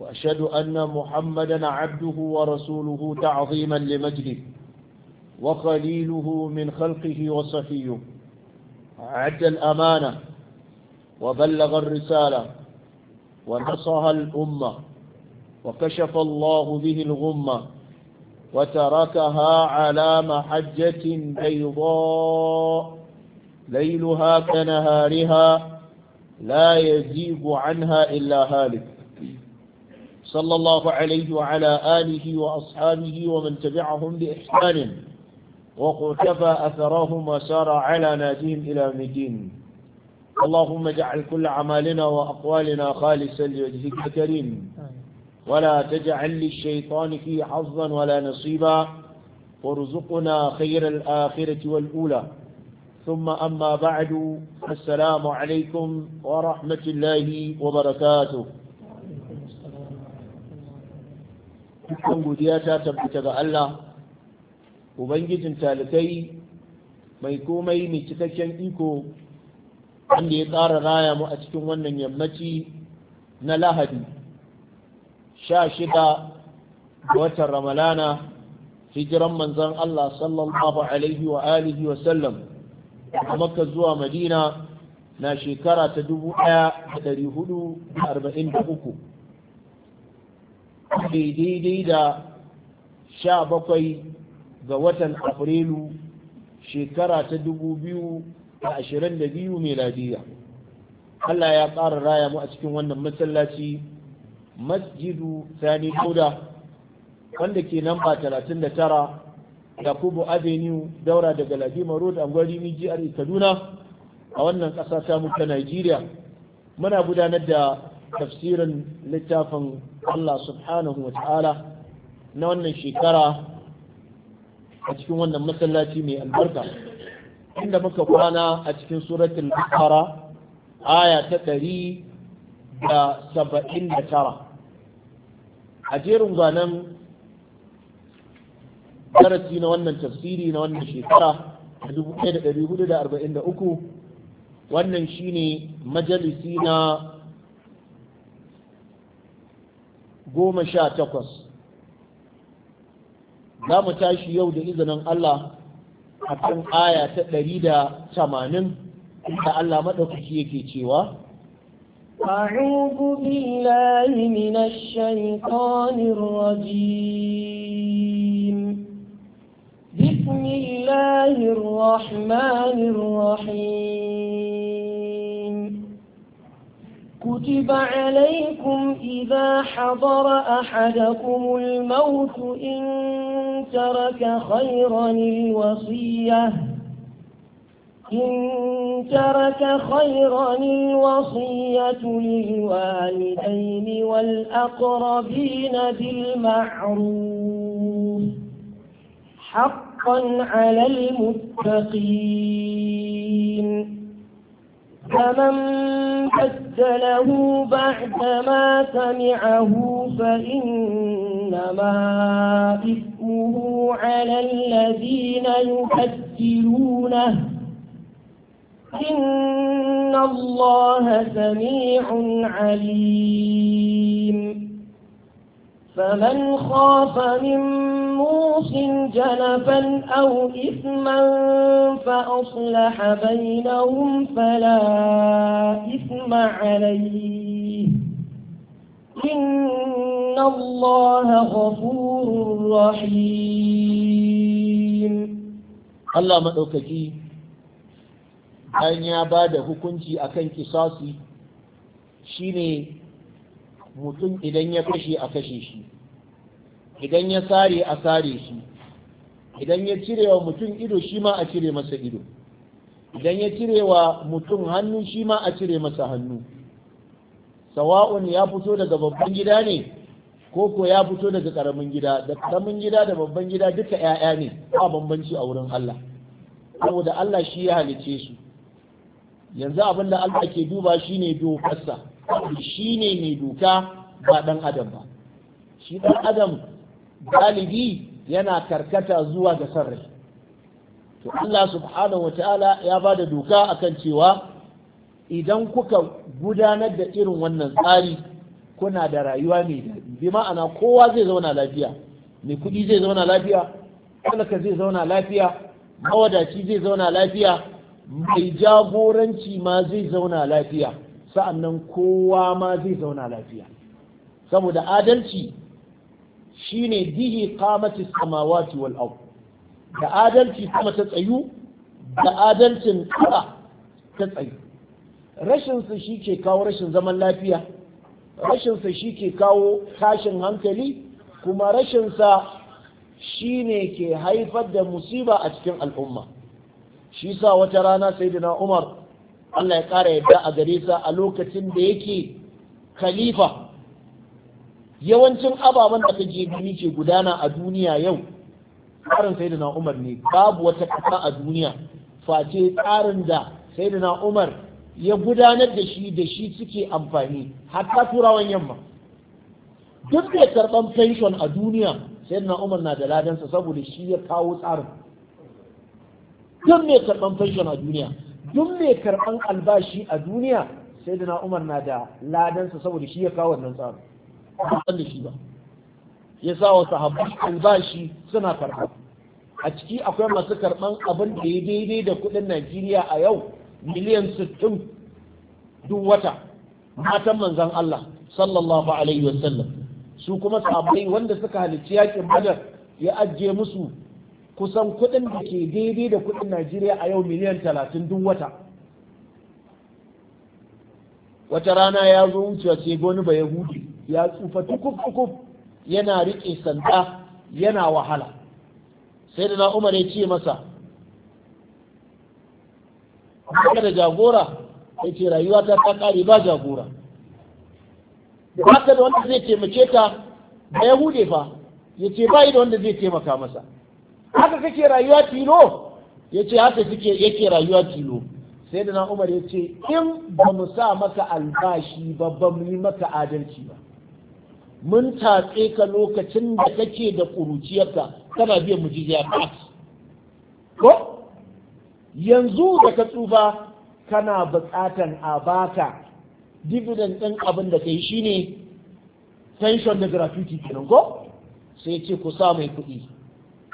وأشهد أن محمدا عبده ورسوله تعظيما لمجده وخليله من خلقه وصفيه عد الأمانة وبلغ الرسالة ونصها الأمة وكشف الله به الغمة وتركها على محجة بيضاء ليلها كنهارها لا يزيغ عنها إلا هالك صلى الله عليه وعلى آله وأصحابه ومن تبعهم بإحسان وقتفى أثرهم وسار على ناديهم إلى مدين اللهم اجعل كل عمالنا وأقوالنا خالصا لوجهك الكريم ولا تجعل للشيطان فيه حظا ولا نصيبا وارزقنا خير الآخرة والأولى ثم أما بعد السلام عليكم ورحمة الله وبركاته dukkan godiya ta tabbata ga Allah ubangijin talikai mai komai mai cikakken iko wanda ya ƙara raya mu a cikin wannan yammaci na lahadi sha shida watan ramalana hijiran manzan Allah sallallahu alaihi wa alihi wa sallam a makka zuwa madina na shekara ta dubu ɗaya da ɗari hudu da arba'in da uku daidai da sha bakwai ga watan afrilu shekara ta dubu biyu da ashirin da biyu meladiya Allah ya ƙara raya mu a cikin wannan masallaci masjidu sani dauda wanda ke nan ba talatin da tara yakubu avenue daura daga ladima road a angwari jihar kaduna a wannan ƙasa ta muka nigeria muna gudanar da tafsirin littafin Allah subhanahu wa ta'ala na wannan shekara a cikin wannan masallaci mai albarka inda muka kwana a cikin suratul baqara aya ta ɗari da saba'in da tara a jerin gwanan darasi na wannan tafsiri na wannan shekara a 1443 wannan shine majalisi na goma sha takwas za mu tashi yau da izinin Allah a kan aya ta ɗari da tamanin da Allah maɗaukaki yake cewa أعوذ بالله من الشيطان الرجيم بسم الله الرحمن الرحيم كتب عليكم إذا حضر أحدكم الموت إن ترك خيرا الوصية إن ترك خيرا الوصية للوالدين والأقربين بالمعروف حقا على المتقين فمن بدله بعدما سمعه فإنما إثمه على الذين يبدلونه إن الله سميع عليم فمن خاف من موص جنفا أو إثما فأصلح بينهم فلا إثم عليه إن الله غفور رحيم Allah maɗaukaki an ya ba da hukunci akan kisasi shine mutum idan ya kashe a kashe shi idan ya sare a sare shi idan ya cire wa mutum ido shi ma a cire masa ido idan ya cire wa mutum hannu shi ma a cire masa hannu sawa'un ya fito daga babban gida ne ko ko ya fito daga karamin gida da karamin gida da babban gida duka 'ya'ya ne ba bambanci a wurin Allah saboda Allah shi ya halice su yanzu abin da Allah ke duba shine dokarsa shi ne mai doka ba ɗan adam ba shi ɗan adam galibi yana karkata zuwa ga san rai to Allah subhanahu wata'ala ya ba da doka akan cewa idan kuka gudanar da irin wannan tsari kuna da rayuwa mai daɗi bi ma'ana kowa zai zauna lafiya mai kuɗi zai zauna lafiya talaka zai zauna lafiya mawadaci zai zauna lafiya mai jagoranci ma zai zauna lafiya sa'annan kowa ma zai zauna lafiya saboda adalci shine bihi qamati samawati wal da adalci kuma ta tsayu da adalcin kara ta tsayu Rashinsa shi ke kawo rashin zaman lafiya Rashinsa shi ke kawo tashin hankali kuma rashinsa shine ke haifar da musiba a cikin al'umma shi sa wata rana sayyidina Umar Allah ya ƙara yadda a gare sa a lokacin da yake khalifa yawancin ababen da kake gani ke gudana a duniya yau tsarin sayyidina Umar ne babu wata ƙasa a duniya face tsarin da sayyidina Umar ya gudanar da shi da shi suke amfani hatta turawan yamma duk da karɓan pension a duniya sayyidina Umar na da ladansa saboda shi ya kawo tsarin duk mai pension a duniya duk mai karɓan albashi a duniya sai da umar na da ladansa saboda shi ya kawo wannan tsarin ba shi ba ya sa wa sahabbai albashi suna karɓa a ciki akwai masu karɓan abin da ya daidai da kuɗin najeriya a yau miliyan sittin duk wata matan manzan allah sallallahu alaihi wasallam su kuma sahabbai wanda suka halicci yakin badar ya ajiye musu kusan kuɗin da ke daidai da kuɗin najeriya a yau miliyan talatin duk wata wata rana ya zo wucewa ce wani ba hudu ya tsufa tukuf-tukuf yana riƙe sanda yana wahala sai da na umar ya ce masa ba da jagora ya ce rayuwa ta ƙare ba jagora ba da wanda zai taimake ta ba ya hude fa ya ce ba da wanda zai taimaka masa haka kake rayuwa tilo ya ce haka suke yake rayuwa tilo sai da na umar ya ce in ba mu sa maka albashi ba ba mu yi maka adalci ba mun tatse ka lokacin da kake da ƙuruciyarka kana biyan mu mujiziya ba ko yanzu da ka tsufa kana buƙatan a baka dividend ɗin abin da kai shine pension da gratuity kenan ko sai ce ku sa mai kuɗi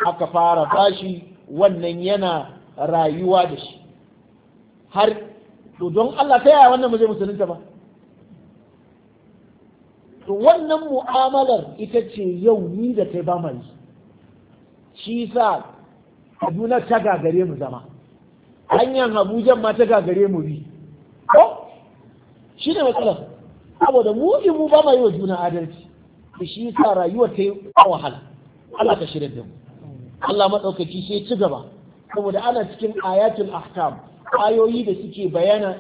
aka fara bashi wannan yana rayuwa da shi har to don Allah ta yaya wannan zai musulunta ba to wannan mu'amalar ita ce yau ni da kai ba mai shi sa Kaduna ta gagare mu zama hanyar Abuja ma ta gagare mu bi ko shi ne matsalar saboda mu mu ba mai wa juna adalci shi sa rayuwa ta yi wahala Allah ta shirin da mu Allah maɗaukaki sai ci gaba saboda ana cikin ayatul ahkam ayoyi da suke bayana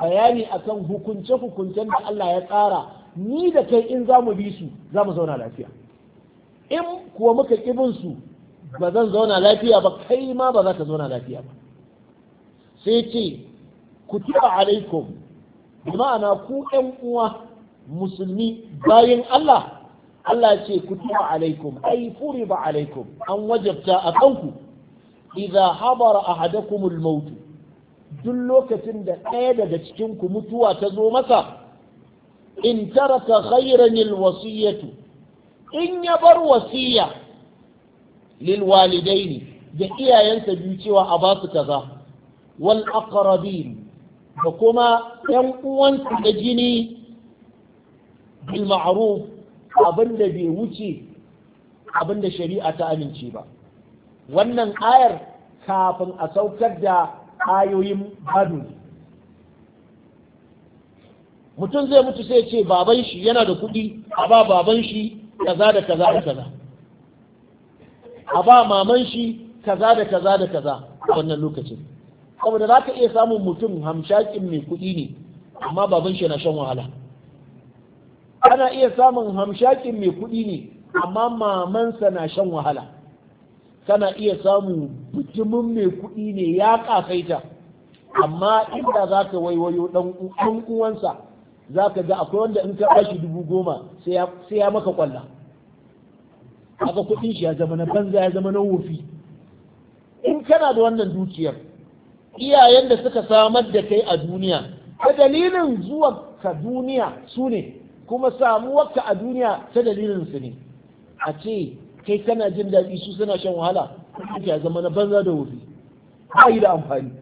bayani akan hukunce hukuncen da Allah ya tsara ni da kai in za mu bi su za mu zauna lafiya in kuwa muka kibin su ba zan zauna lafiya ba kai ma ba za ka zauna lafiya ba sai ce tuba alaikum bi ma'ana ku ƴan uwa musulmi bayan Allah Allah ce kutuba alaikum ai furiba alaikum an wajabta a kanku idza habara ahadakumul maut duk lokacin da ɗaya daga cikin ku mutuwa ta zo masa in taraka khairan wasiyatu. in ya bar wasiya lil ne da iyayensa biyu cewa a ba su kaza wal aqrabin da kuma yan uwansu da jini bil ma'ruf abin da bai wuce abin da shari'a ta amince ba wannan ayar kafin a saukar da ayoyin badu mutum zai mutu sai ce baban shi yana da kuɗi a ba baban shi kaza da kaza da kaza a ba maman shi kaza da kaza da kaza wannan lokacin saboda za ka iya samun mutum hamshakin mai kuɗi ne amma baban shi na shan wahala ana iya samun hamshakin mai kuɗi ne amma mamansa na shan wahala kana iya samun mutumin mai kuɗi ne ya ƙasaita amma inda za ka waiwayo ɗan uwansa za ka ga akwai wanda in ka bashi dubu goma sai ya maka kwalla haka kuɗin shi ya zama na banza ya zama na wofi in kana da wannan dukiyar iyayen da suka samar da kai a duniya a dalilin zuwa ka duniya su ne kuma samuwarka a duniya ta dalilin su ne a ce kai kana jin daɗi su suna shan wahala ya zama na banza da wuri ba yi da amfani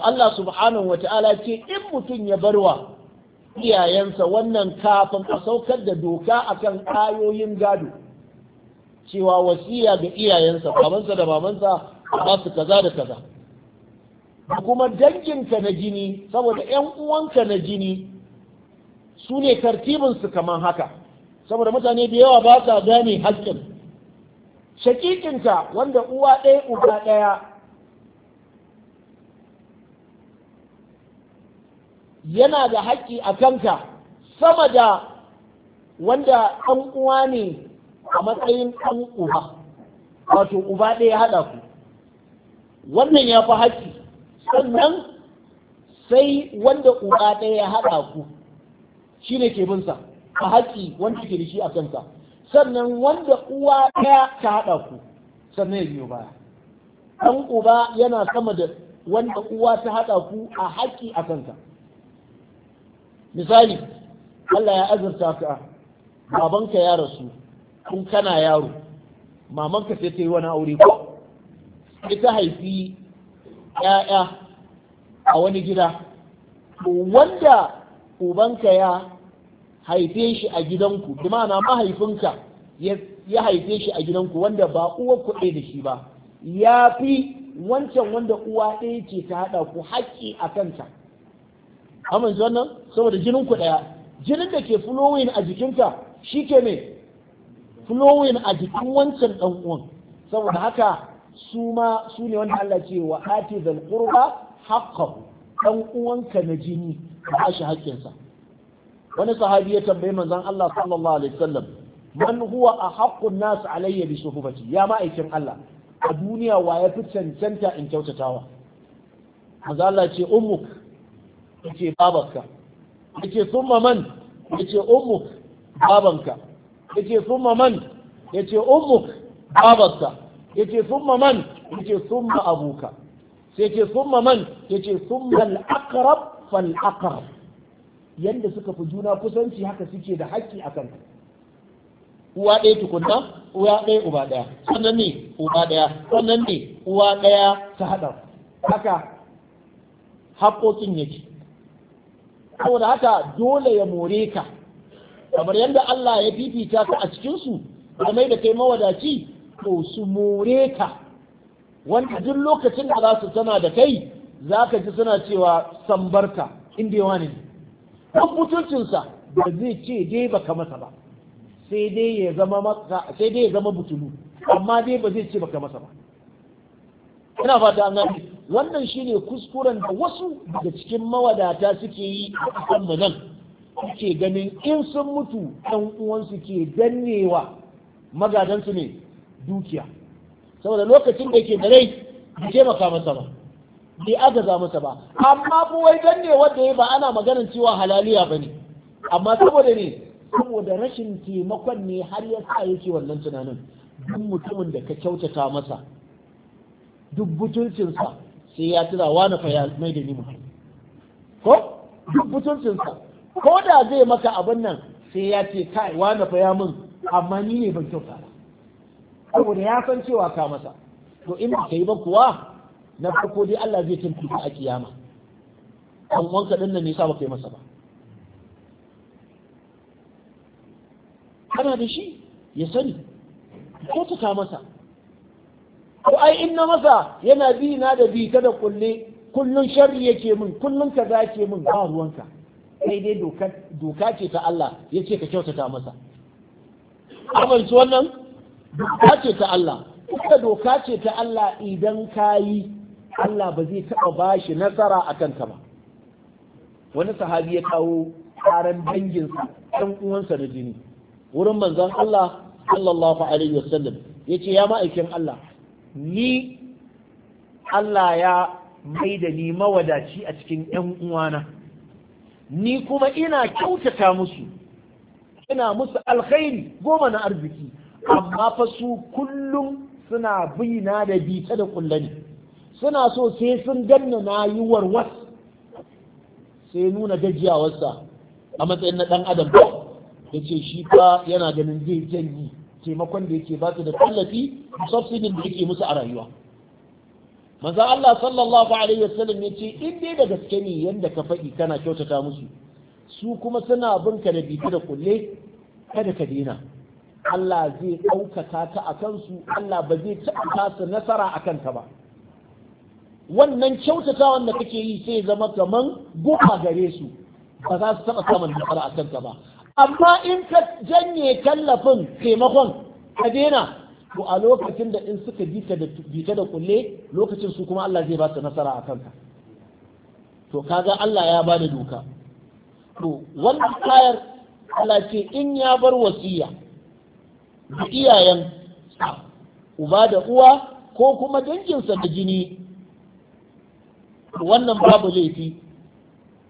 Allah subhanahu wa ta'ala ce in mutum ya barwa iyayensa wannan kafin a saukar da doka akan ayoyin gado cewa wasiya ga iyayensa babansa da babansa ba su kaza da kaza da kuma danginka na jini saboda 'yan uwanka na jini su ne tartibinsu kamar haka saboda mutane da yawa ba sa gane haƙƙin Shakikinta wanda uwa ɗaya uba ɗaya yana da haƙƙi a kanka sama da wanda ɗan uwa ne a matsayin ɗan uba wato uba ɗaya haɗa ku wannan ya fi haƙƙi sannan sai wanda uba ɗaya ya haɗa ku shi ne ke binsa a haƙi wanda ke da shi a kanka. sannan wanda uwa ɗaya ta haɗa ku sannan ya biyo baya ɗan uba yana sama da wanda uwa ta haɗa ku a haƙi a kanka misali Allah ya azurta ka babanka ya rasu kun kana yaro mamanka sai ta yi wani aure ko ita haifi 'ya'ya a wani gida wanda ubanka ya haife shi a gidanku bi mahaifinka ya haife shi a gidanku wanda ba uwa kuɗe da shi ba ya fi wancan wanda uwa ɗaya ce ta haɗa ku haƙƙi a kanta amince wannan saboda jinin ku ɗaya jinin da ke flowing a jikinka shi ke ne flowing a jikin wancan ɗan uwan saboda haka su ma su ne wanda Allah ce wa ati zal qurba haqqahu dan uwanka na jini ka shi haƙƙinsa wani sahabi ya tambayi manzon Allah sallallahu alaihi wasallam man huwa ahaqqun nas alayya bi suhbati ya ma'aikin Allah a duniya wa ya fi cancanta in kyautatawa manzon Allah ce ummuk yace babarka yace thumma man yace ummuk babanka yace thumma man yace ummuk babarka yace summa man yace summa abuka sai yace summa man yace summa al-aqrab fal aqrab yanda suka fi juna kusanci haka suke da haƙƙi akan ka uwa ɗaya tukunna uwa ɗaya uba ɗaya sannan ne uba ɗaya sannan ne uwa ɗaya ta haɗa haka haƙoƙin yake saboda haka dole ya more ka kamar yadda Allah ya fifita ka a cikinsu da mai da kai mawadaci to su more ka wanda duk lokacin da za su tana da kai za ka ji suna cewa sambarka inda yawa ne ɗan mutuncinsa ba zai ce dai ba ka masa ba sai dai ya zama maka sai dai ya zama butulu amma dai ba zai ce ba ka masa ba ina fata an gani wannan shine kuskuren da wasu daga cikin mawadata suke yi a kan suke ganin in sun mutu ɗan uwansu ke dannewa magadansu ne dukiya saboda lokacin da yake da rai bai taimaka masa ba bai agaza masa ba amma fa wai dan ne wanda ya ba ana maganar cewa halaliya ne. amma saboda ne saboda rashin taimakon ne har ya sa yake wannan tunanin duk mutumin da ka kyautata masa duk sai ya tura wani fa ya mai da nima ko duk ko da zai maka abin nan sai ya ce kai wani fa ya min amma ni ne ban kyauta saboda ya san cewa ka masa to in ba yi ba kuwa na farko dai Allah zai ka a kiyama an wanka din nan nisa ba kai masa ba kana da shi ya sani ko ta ka masa ko ai in na masa yana bi na da bi kada kulle kullun sharri yake min kullun ka yake min ba ruwanka sai dai doka ce ta Allah yace ka kyautata masa amince wannan doka ce ta Allah kuka doka ce ta Allah idan ka yi Allah ba zai taɓa ba shi nasara a kanta ba wani sahabi ya kawo ƙaran danginsa ɗan uwansa da jini wurin manzon Allah sallallahu alaihi wasallam ya ce ya ma'aikin Allah ni Allah ya mai da ni mawadaci a cikin ‘yan uwana ni kuma ina kyautata musu ina musu alkhairi goma na arziki amma fa su kullum suna bina da bita da kulle ne, suna so sai sun ganna na yi warwas sai nuna gajiyawarsa a matsayin na ɗan adam ba ya ce shi fa yana ganin zai janyi taimakon da yake ba su da tallafi subsidin da yake musu a rayuwa manzo Allah sallallahu alaihi wasallam ya ce in dai da gaske ne yanda ka faɗi kana kyautata musu su kuma suna binka da bibi da kulle kada ka daina Allah zai ɗaukata ta a kansu Allah ba zai taɓa su nasara a kanta ba wannan kyautatawan da kake yi sai zama kaman goma gare su ba za su taɓa samun nasara a kanka ba amma in ka janye tallafin taimakon ka daina to a lokacin da in suka bita da kulle lokacin su kuma Allah zai ba su nasara a kanka to kaga Allah ya ba da doka to wannan kayar Allah ce in ya bar wasiya da iyayen uba da uwa ko kuma danginsa da jini wannan babu laifi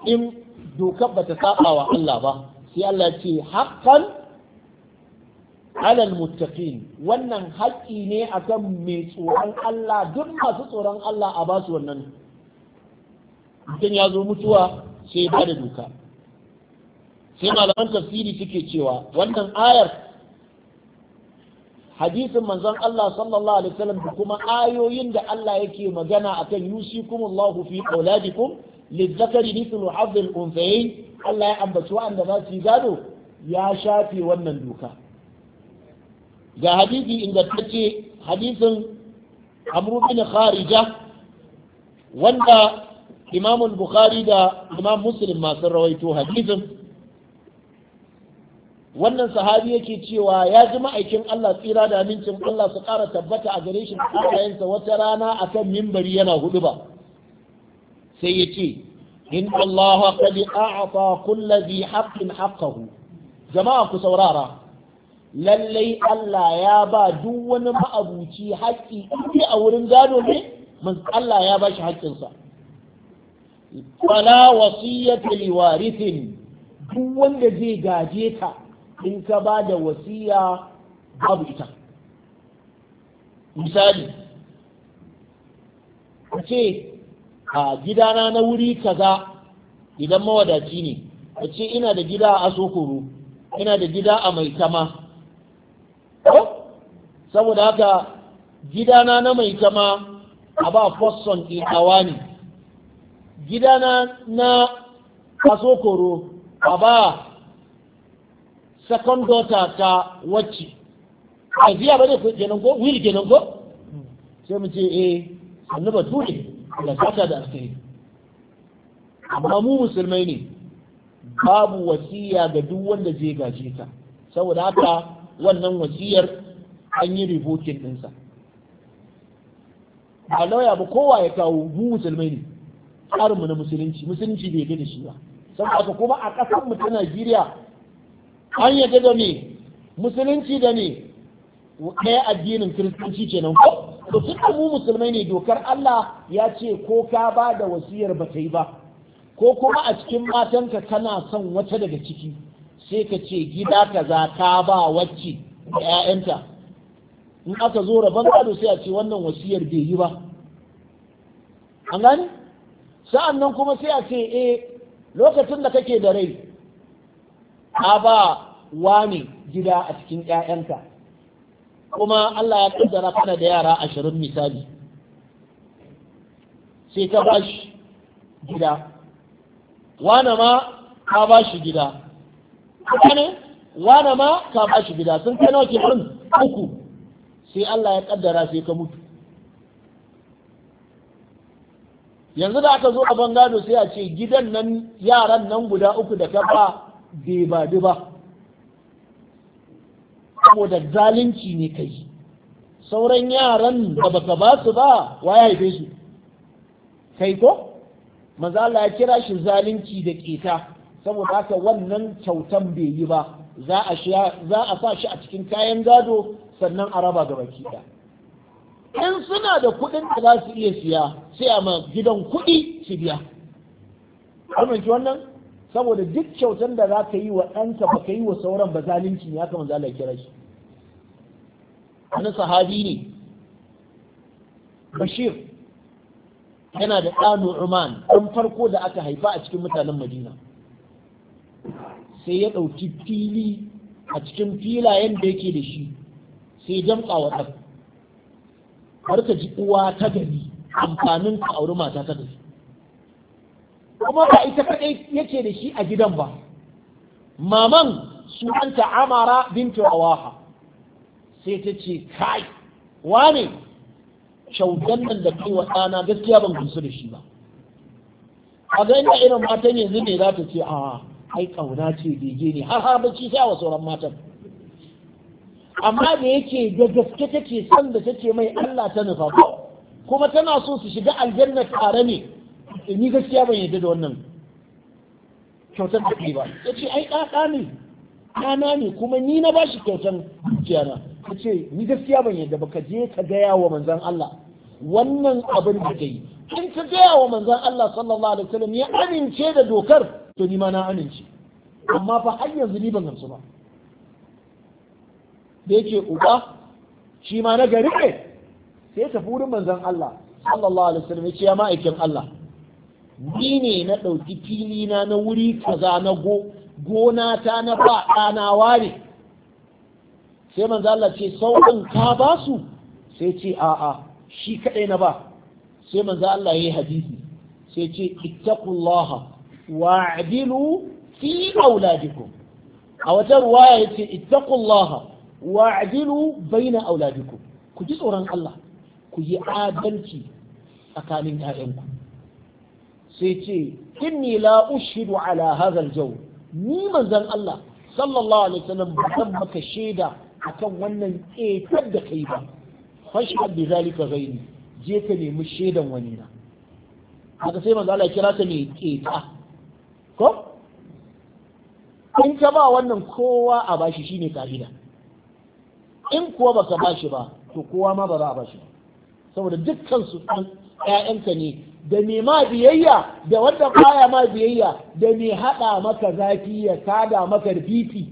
in dokar ba ta saba wa Allah ba sai Allah ce haqqan alal muttaqin wannan haƙƙi ne akan mai tsoron Allah duk masu tsoron Allah a basu wannan mutum ya zo mutuwa sai ya bada doka sai malaman tafsiri suke cewa wannan ayar hadisin manzon Allah sallallahu alaihi wasallam da kuma ayoyin da Allah yake magana akan yusikumullahu fi auladikum lizzakari mithlu al unthayayn Allah ya ambaci wanda za su gado ya shafe wannan doka ga hadisi ingantacce hadisin Amr bin Kharija wanda Imam Bukhari da Imam Muslim masu rawaito hadisin wannan sahabi yake cewa ya ji ma'aikin Allah tsira da amincin Allah su ƙara tabbata a gare shi ayayensa wata rana akan mimbari yana hudu ba sai ya ce in Allah qad a'ata kulli dhi haqqin haqqahu jama'a ku saurara lallai Allah ya ba duk wani ma'abuci haƙƙi inda a wurin gado ne Allah ya ba shi haƙƙinsa wala wasiyatu liwarithin duk wanda zai gaje ka in ka ba da wasiya babu ita misali ka ce a gidana na wuri kaza idan mawadaci ne ka ce ina da gida a asokoro ina da gida a mai kama saboda haka gidana na mai kama a ba fosson hawa ne gidana na asokoro a ba second daughter ta wacce aziya bane ko kenan ko will kenan ko sai mu ce eh sannu ba bature da sata da alkhairi amma mu musulmai ne babu wasiya ga duk wanda zai gaje ka saboda haka wannan wasiyar an yi revoking ɗinsa a lauya ba kowa ya kawo mu musulmai ne tsarinmu na musulunci musulunci bai gani shi ba saboda haka kuma a ƙasar mu ta Najeriya an yadda da me musulunci da me ɗaya addinin kiristanci kenan ko to su mu musulmai ne dokar Allah ya ce ko ka ba da wasiyar ba ta yi ba ko kuma a cikin matanka kana son wata daga ciki sai ka ce gida kaza ka ba wacce ƴaƴanta? in aka zo rabon gado sai a ce wannan wasiyar bai yi ba an gani sa'an kuma sai a ce eh lokacin da kake da rai ka ba wani gida a cikin 'ya'yanka kuma Allah ya ƙaddara kana da yara ashirin misali sai ka ba shi gida wane ma ka ba shi gida ne wane ma ka ba shi gida sun kai nauke ɗin uku sai Allah ya ƙaddara sai ka mutu yanzu da aka zo a bangado sai a ce gidan nan yaran nan guda uku da ka ba bai ba ba saboda zalunci ne ka sauran yaran da baka ba su ba wa ya haife su kai ko maza ya kira shi zalunci da keta saboda haka wannan kyautan bai yi ba za a sa shi a cikin kayan gado sannan a raba gaba kiɗa in suna da kuɗin da za su iya siya sai a ma gidan kuɗi su biya wannan saboda duk kyautar da za ka yi wa ɗanka ba ka yi wa sauran ba zalunci ya kama zala kira shi wani sahabi ne bashir yana da ɗanu Uman ɗan farko da aka haifa a cikin mutanen Madina sai ya ɗauki fili a cikin filayen da yake da shi sai damƙa wa ɗan har ka ji uwa ta gari amfanin ka auri mata ta gari kuma ba ita kadai yake da shi a gidan ba maman sunanta amara bintu awaha sai ta ce kai wane shautan nan da kai wa na gaskiya ban gamsu da shi ba a ga ina irin matan yanzu ne za ta ce a ai kauna ce bege ne har har bacci sai wa sauran matan amma da yake da gaske take son da take mai Allah ta nufa kuma tana so su shiga aljanna tare ne ni gaskiya ban yadda da wannan kyautar da ba ya ce ai ƙaƙa ne ɗana ne kuma ni na bashi kyautar dukiyana ya ce ni gaskiya ban yadda ba ka je ka gaya wa manzan Allah wannan abin da ka yi in ka gaya wa manzan Allah sallallahu alaihi wasallam ya amince da dokar to ni ma na amince amma fa har yanzu ni ban gamsu ba da yake uba shi ma na gari ne sai ya tafi wurin manzan Allah sallallahu alaihi wasallam ya ce ya ma'aikin Allah ni ne na ɗauki fili na na wuri kaza na go gona ta na ba ɗana ware sai manzo Allah ce sauran ka ba su sai ce a'a shi kaɗai na ba sai manzo Allah ya yi hadisi sai ce ittaqullaha adilu fi auladikum a wata ruwaya ce ittaqullaha adilu baina auladikum ku ji tsoron Allah ku yi adalci tsakanin 'ya'yanku sai ce inni la ushidu ala hadha al ni manzon Allah sallallahu alaihi wasallam ba zan maka shaida akan wannan ƙetar da kai ba fashhad bi zalika ghairi je ka nemi shaidan wani na haka sai manzo Allah kira ta mai ƙeta ko in ka ba wannan kowa a bashi shine kabila in kuwa baka bashi ba to kowa ma ba za a bashi saboda dukkan su ɗan ƴaƴanka ne da mai ma biyayya da wanda baya ma biyayya da mai haɗa maka zafi ya kada maka rififi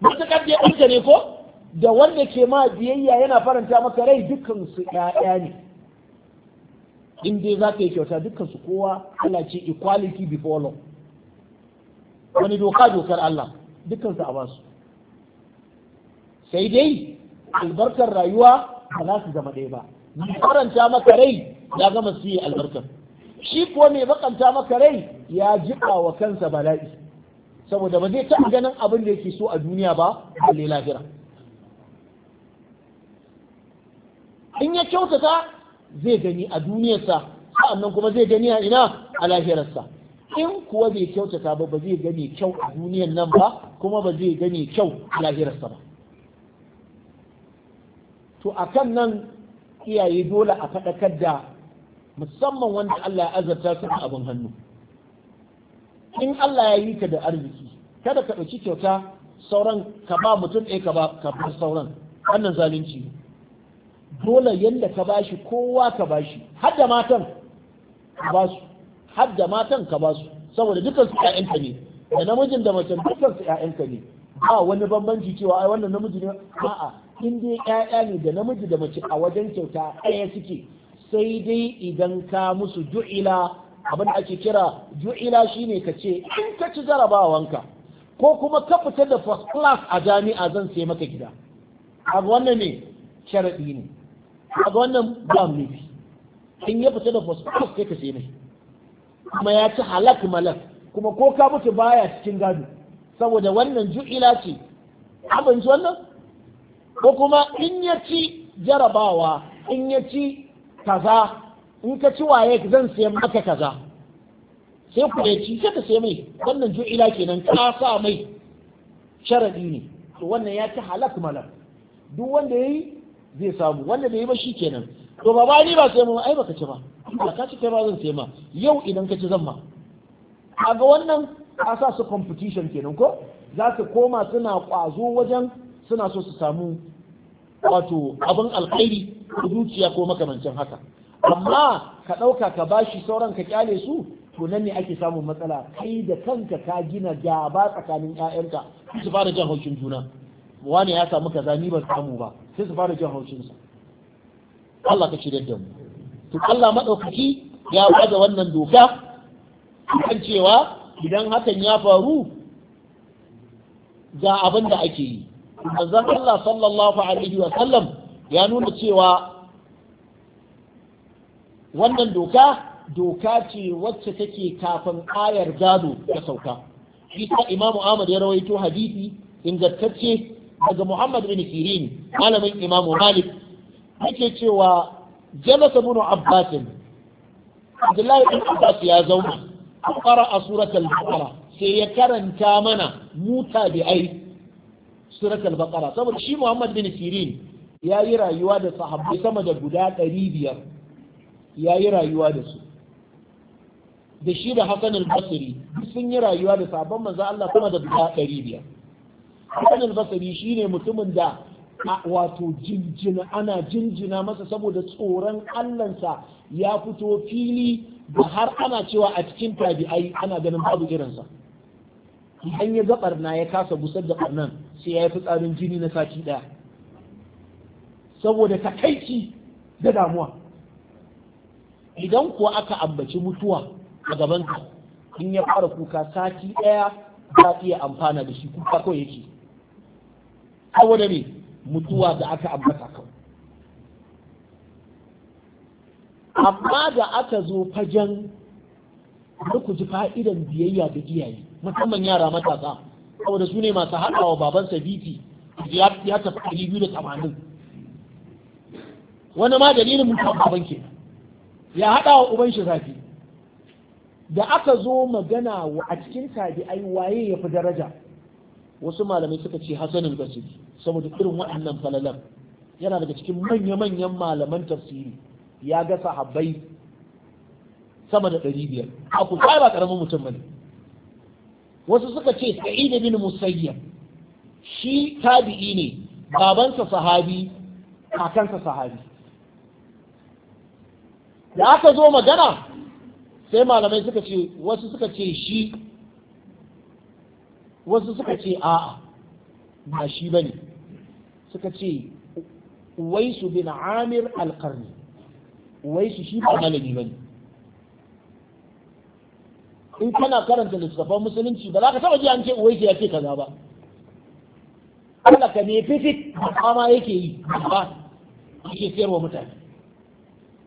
matuƙar da ɗanka ne ko da wanda ke ma biyayya yana faranta maka rai dukkan su ƴaƴa ne in dai za ka yi kyauta dukkan su kowa Allah ce equality before law wani doka dokar Allah dukkan su a ba su sai dai albarkar rayuwa ba za su zama ɗaya ba faranta maka rai ya gama su yi albarkar shi kuwa mai bakanta maka rai ya jiƙa wa kansa bala'i saboda ba zai ta ganin abin da yake so a duniya ba balle lahira in ya kyautata zai gani a duniyarsa sa'annan kuma zai gani a ina a lahirarsa in kuwa zai kyautata ba ba zai gani kyau a duniyar nan ba kuma ba zai gani kyau a lahirarsa ba to a kan nan iyaye dole a faɗakar da musamman wanda Allah ya azarta su da abin hannu in Allah ya yi ka da arziki kada ka ɗauki kyauta sauran ka ba mutum ɗaya ka ba ka bar sauran wannan zalunci dole yadda ka bashi kowa ka bashi har da matan ka ba su har da matan ka ba su saboda dukkan su ƴaƴanka ne da namijin da mace dukkan su ƴaƴanka ne ba wani bambanci cewa ai wannan namiji ne a'a in dai ƴaƴa ne da namiji da mace a wajen kyauta ɗaya suke sai dai idan ka musu ju'ila abin da ake kira ju'ila shine ka ce in ka ci jarabawanka ko kuma ka fita da first class a jami'a zan sai maka gida a wannan ne sharaɗi ne a wannan ba nufi in ya fita da first class sai ka sai mai kuma ya ci halak malak kuma ko ka mutu baya cikin gado saboda wannan ju'ila ce abin wannan ko kuma in ya ci jarabawa in ya ci kaza in ka ci waye zan sayi maka kaza sai ku da ci sai ka sayi mai wannan ju'ila kenan ka sa mai sharadi ne to wannan ya ci halak malam duk wanda yayi zai samu wanda bai yi ba shi kenan to baba ni ba sai mu ai baka ci ba ba ka ci kai ba zan sayi ma yau idan ka ci zan ma kaga wannan a sa su competition kenan ko za su koma suna kwazo wajen suna so su samu wato abin alkhairi zuciya ko makamancin haka amma ka ɗauka ka bashi sauran ka kyale su to nan ne ake samun matsala kai da kanka ka gina gaba tsakanin ƴaƴanka su fara jan haushin juna wani ya samu kaza ni ban samu ba sai su fara jan haushin sa Allah ka shirya da mu to Allah madaukaki ya bada wannan doka kan cewa idan hakan ya faru ga abin da ake yi manzon Allah sallallahu alaihi wa sallam ya nuna cewa wannan doka doka ce wacce take kafin ayar gado ta sauka shi ta imamu Ahmad ya rawaito hadisi ingantacce daga Muhammad bin Sirin malamin imamu Malik yake cewa jalasa bin Abbas Abdullahi bin Abbas ya zauna a qara'a suratul sai ya karanta mana mutabi'ai surat al-baqara saboda shi Muhammad bin Sirin ya yi rayuwa da sahabbai sama da guda ɗari biyar ya yi rayuwa da su da shi da Hassan al-Basri sun yi rayuwa da sahabban manzo Allah sama da guda ɗari biyar Hassan al-Basri shine mutumin da wato jinjina ana jinjina masa saboda tsoron allansa ya fito fili da har ana cewa a cikin tabi'ai ana ganin babu irinsa idan ya ga barna ya kasa gusar da barnan sai ya yi fitsarin jini na sati ɗaya saboda takaici da damuwa idan kuwa aka ambaci mutuwa a ka in ya fara kuka sati ɗaya za iya amfana da shi kuka kawai yake saboda ne mutuwa da aka ambata kan amma da aka zo fajen ku ji fa'idan biyayya da iyaye musamman yara matasa saboda su ne masu haɗawa babansa biti ya tafi ɗari biyu da tamanin wani ma dalilin mutum baban ke ya haɗawa uban shi zafi da aka zo magana a cikin tabi'ai waye ya fi daraja wasu malamai suka ce hasanin basiri saboda irin waɗannan falalan yana daga cikin manya-manyan malaman tafsiri ya ga sahabbai sama da ɗari biyar a ku ba ƙaramin mutum bane wasu suka ce sa'id bin musayyab shi tabi'i ne babansa sahabi kakansa sahabi da aka zo magana sai malamai suka ce wasu suka ce shi wasu suka ce a'a ba shi ba ne suka ce waisu bin amir alkarni waisu shi ba malami ba ne in kana karanta littattafan musulunci ba za ka taba ji an ce uwaiki ya ce kaza ba Allah ka ne fitik amma yake yi ba yake sayarwa mutane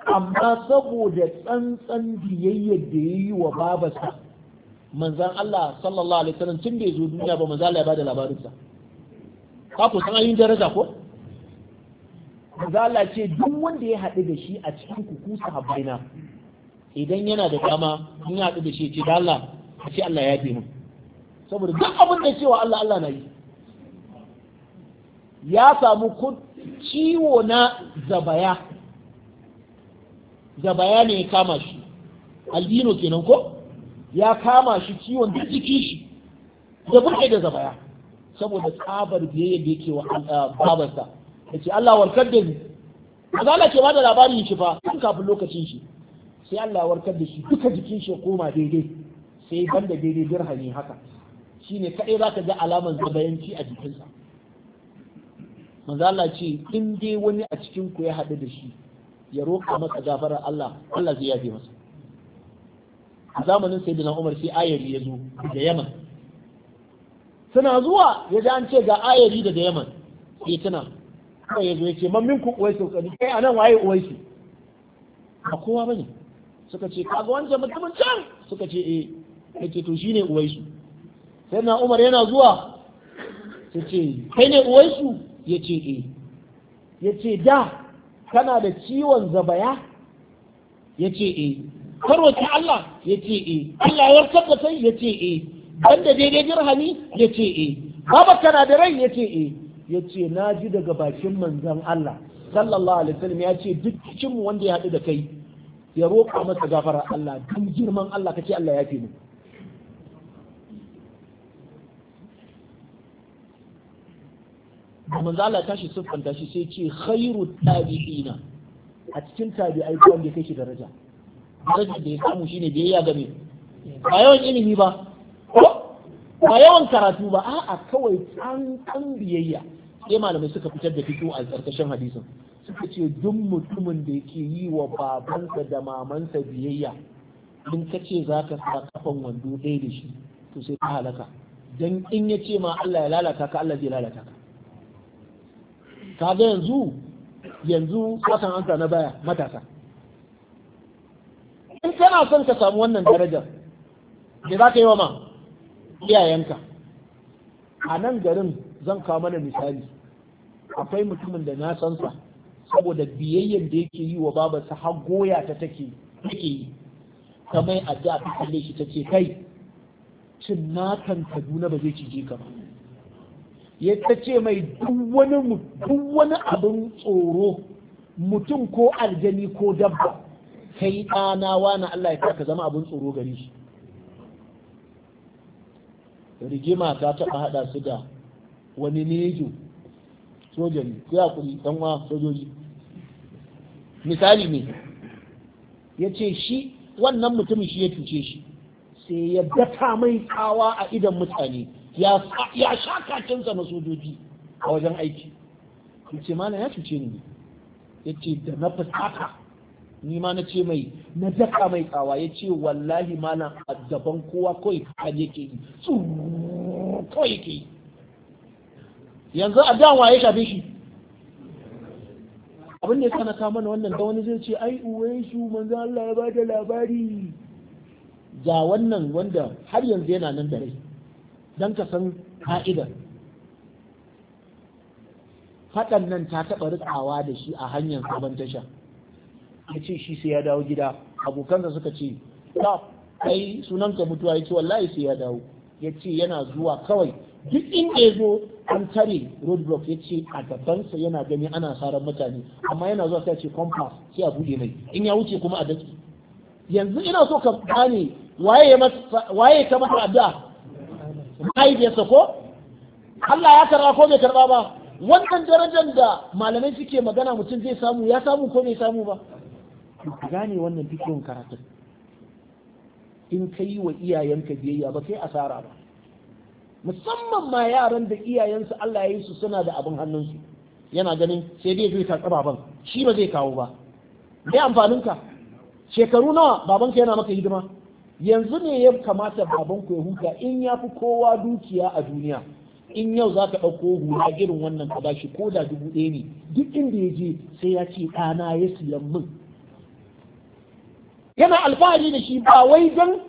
amma saboda tsantsan biyayyar da ya yi wa babarsa manzan Allah sallallahu alaihi wasallam tun da ya zo duniya ba manzan Allah ya bada labarinsa ka ku san ayin daraja ko manzan Allah ce duk wanda ya haɗu da shi a cikin ku ku sahabbaina idan yana da dama in ya haɗu da shi ce da Allah a ce Allah ya min saboda duk abin da cewa Allah Allah na yi ya samu ciwo na zabaya zabaya ne ya kama shi albino kenan ko ya kama shi ciwon da jiki shi da burke da zabaya saboda tsabar biyayya da yake wa babarsa ya ce Allah warkar da ni azala ke bada labarin shi fa kafin lokacin shi sai Allah warkar da shi duka jikin shi koma daidai sai banda daidai ne haka shine kadai zaka ga alaman zabayanci a jikinsa manzo Allah ce in dai wani a cikin ku ya haɗu da shi ya roƙa masa gafara Allah Allah zai yafe masa a zamanin sayyidina Umar sai ayari ya zo da Yaman suna zuwa ya ji an ce ga ayari daga Yaman sai tana kawai ya zo ya ce man minku uwaisu kai anan waye uwaisu ba kowa bane suka ce kaga wancan mutumin can suka ce eh yace to shine uwaisu sai na Umar yana zuwa sai ce kai ne uwaisu yace eh yace da kana da ciwon zabaya yace eh karwace Allah yace eh Allah ya tabbata yace eh banda daidai jirhani yace eh baba kana da rai yace eh yace na ji daga bakin manzon Allah sallallahu alaihi wasallam ya ce duk cikin wanda ya haɗu da kai ya roƙa masa gafara Allah don girman Allah ka ce Allah ya fi mu Domin za Allah tashi siffanta shi sai ce khairu tabi'ina a cikin tabi'ai ko wanda kai shi daraja daraja da ya samu shine biyayya ga me ba yawan ilimi ba ba yawan karatu ba a'a kawai kan biyayya sai malamai suka fitar da fito a tsarkashin hadisin suka ce duk mutumin da yake yi wa babansa da mamansa biyayya in ka ce za ka sa kafan wando ɗaya da shi to sai ka halaka don in ya ce ma Allah ya lalata ka Allah zai lalata ka kaga yanzu yanzu kasan an na baya matasa in kana son ka samu wannan darajar da za ka yi wa ma iyayenka a nan garin zan kawo mana misali akwai mutumin da na san sa saboda biyayyen da yake yi wa babarsa har goya ta take take yi ta mai addu'a ta kalle shi ta ce kai cin nakan kaduna ba zai cije ka ba ya ta ce mai duk wani abin tsoro mutum ko aljani ko dabba kai ɗana wani Allah ya ka zama abin tsoro gare shi rigima ta taɓa haɗa su da wani nejo sojan ku ya kuri ɗan wa sojoji misali ne ya ce shi wannan mutumin shi ya cuce shi sai ya daka mai tsawa a idan mutane ya sha kacinsa na sojoji a wajen aiki ya ce mana ya cuce ni ya ce da na fusata ni ma na ce mai na daka mai tsawa ya ce wallahi mana a daban kowa kawai kan yake yi kawai yake yi yanzu a dawa ya shafe shi abin da ya na kama na wannan da wani zai ce ai uwaisu manzo Allah ya bada labari ga wannan wanda har yanzu yana nan da rai dan ka san ka'idar fadan nan ta taɓa rikawa da shi a hanyar sabon tasha ya ce shi sai ya dawo gida abokansa suka ce kai sunanka mutuwa ya ce wallahi sai ya dawo ya ce yana zuwa kawai duk inda ya zo an tare roadblock ya ce a gabansa yana gani ana sarar mutane amma yana zuwa sai ce compass sai a bude mai in ya wuce kuma a daki yanzu ina so ka gane waye ta masa addu'a mahaifiyarsa ko Allah ya karba ko bai karba ba wannan darajar da malamai suke magana mutum zai samu ya samu ko bai samu ba gane wannan fikirin karatun in ka yi wa iyayenka biyayya ba sai asara ba musamman ma yaran da iyayensu Allah ya yi su suna da abin hannunsu yana ganin sai dai zai tatsi baban shi ba zai kawo ba me amfaninka shekaru nawa babanka yana maka hidima yanzu ne ya kamata babanku ya huta in ya fi kowa dukiya a duniya in yau za ka ɗauko hula irin wannan ka bashi ko da dubu ɗaya ne duk inda ya je sai ya ce ɗana ya siyan min yana alfahari da shi ba wai don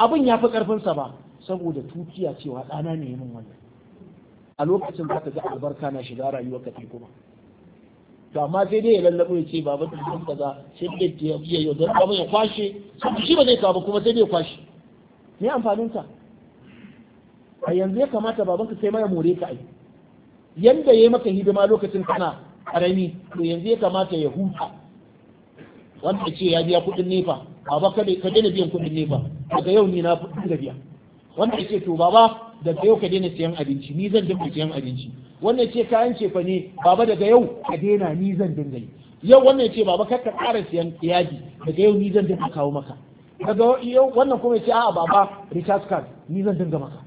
abin ya fi ƙarfinsa ba saboda tukiya cewa ɗana ne min wannan a lokacin za ka ga albarka na shiga rayuwa ka kuma to amma sai dai ya lallabo ya ce baba da zan kaza sai da ya yau yaudar ba ya kwashe sai shi ba zai kawo kuma sai dai ya kwashe me amfanin a yanzu ya kamata baban ka sai mara more ka ai yanda yayi maka hidima lokacin kana karami to yanzu ya kamata ya huta wanda ce ya biya kuɗin nefa baba ba ka daina biyan kuɗin nefa daga yau ni na kuɗin da biya wanda ya ce to baba daga yau ka daina siyan abinci ni zan dinga siyan abinci wannan ce kayan cefa ne baba daga yau ka daina ni zan dinga yi yau wannan ce baba kar ka ƙara siyan yaji daga yau ni zan dinga kawo maka daga yau wannan kuma ya ce a'a baba recharge card ni zan dinga maka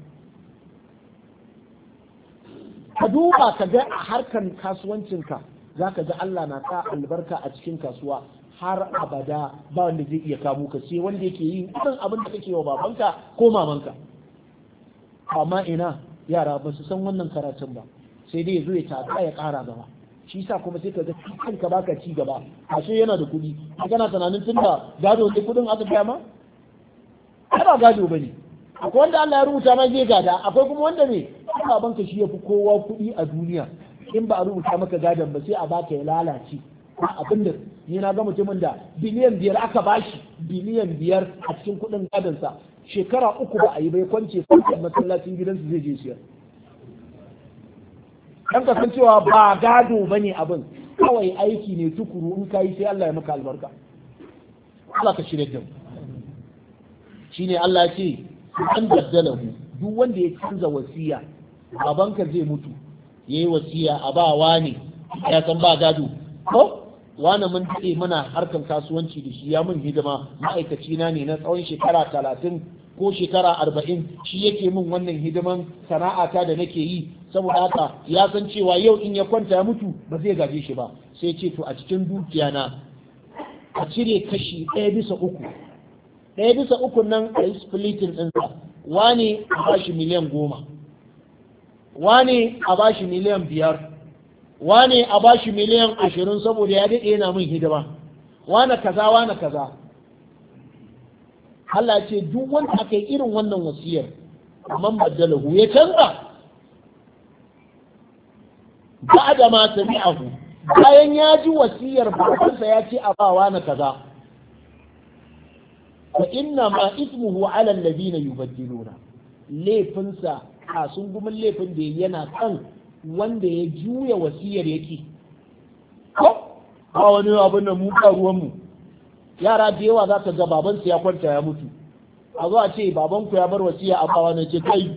ka duba ka ga a harkar kasuwancinka za ka ga Allah na sa albarka a cikin kasuwa har abada ba wanda zai iya kamo ka sai wanda yake yin irin abin da kake wa babanka ko mamanka amma ina yara ba su san wannan karatun ba sai dai zo ya taka ya kara gaba shi sa kuma sai ka ga kanka baka ci gaba ashe yana da kuɗi kana tunanin tunda gado ne kuɗin aka biya ma ba gado bane akwai wanda Allah ya rubuta ma zai gada akwai kuma wanda ne baban ka shi yafi kowa kuɗi a duniya in ba a rubuta maka gadon ba sai a baka ya lalace ba abin da ni na ga mutumin da biliyan biyar aka bashi biliyan biyar a cikin kuɗin sa shekara uku ba a yi bai kwance sai masallacin gidansu zai je siyar dan cewa ba gado ba ne abin kawai aiki ne tukuru in ka yi sai Allah ya maka albarka Allah ka shirya da Shi ne Allah ya ce an mu. duk wanda ya canza wasiya babanka zai mutu ya yi wasiya a ba wani ya san ba gado ko wani mun daɗe mana harkar kasuwanci da shi ya mun hidima Ma'aikacina ne na tsawon shekara talatin ko shekara arba'in shi yake min wannan hidiman sana'ata da nake yi saboda haka ya san cewa yau in ya kwanta ya mutu ba zai gaje shi ba sai ce to a cikin dukiya na a cire kashi ɗaya bisa uku ɗaya bisa uku nan a yi splitting ɗinsa wane a bashi miliyan goma wane a bashi miliyan biyar wane a bashi miliyan ashirin saboda ya daɗe yana min hidima wane kaza wane kaza Allah ce duk wanda aka yi irin wannan wasiyar amma badalahu ya canza ba da ma abu bayan ya ji wasiyar babansa ya ce abawa na kaza fa inna ma ismuhu ala alladhina yubaddiluna laifinsa a sun gumin laifin da yana kan wanda ya juya wasiyar yake ko ba wani abin da mu ruwan mu yara da yawa za ka ga babansu ya kwanta ya mutu a zo a ce babanku ya bar wasiya a bawa na ce kai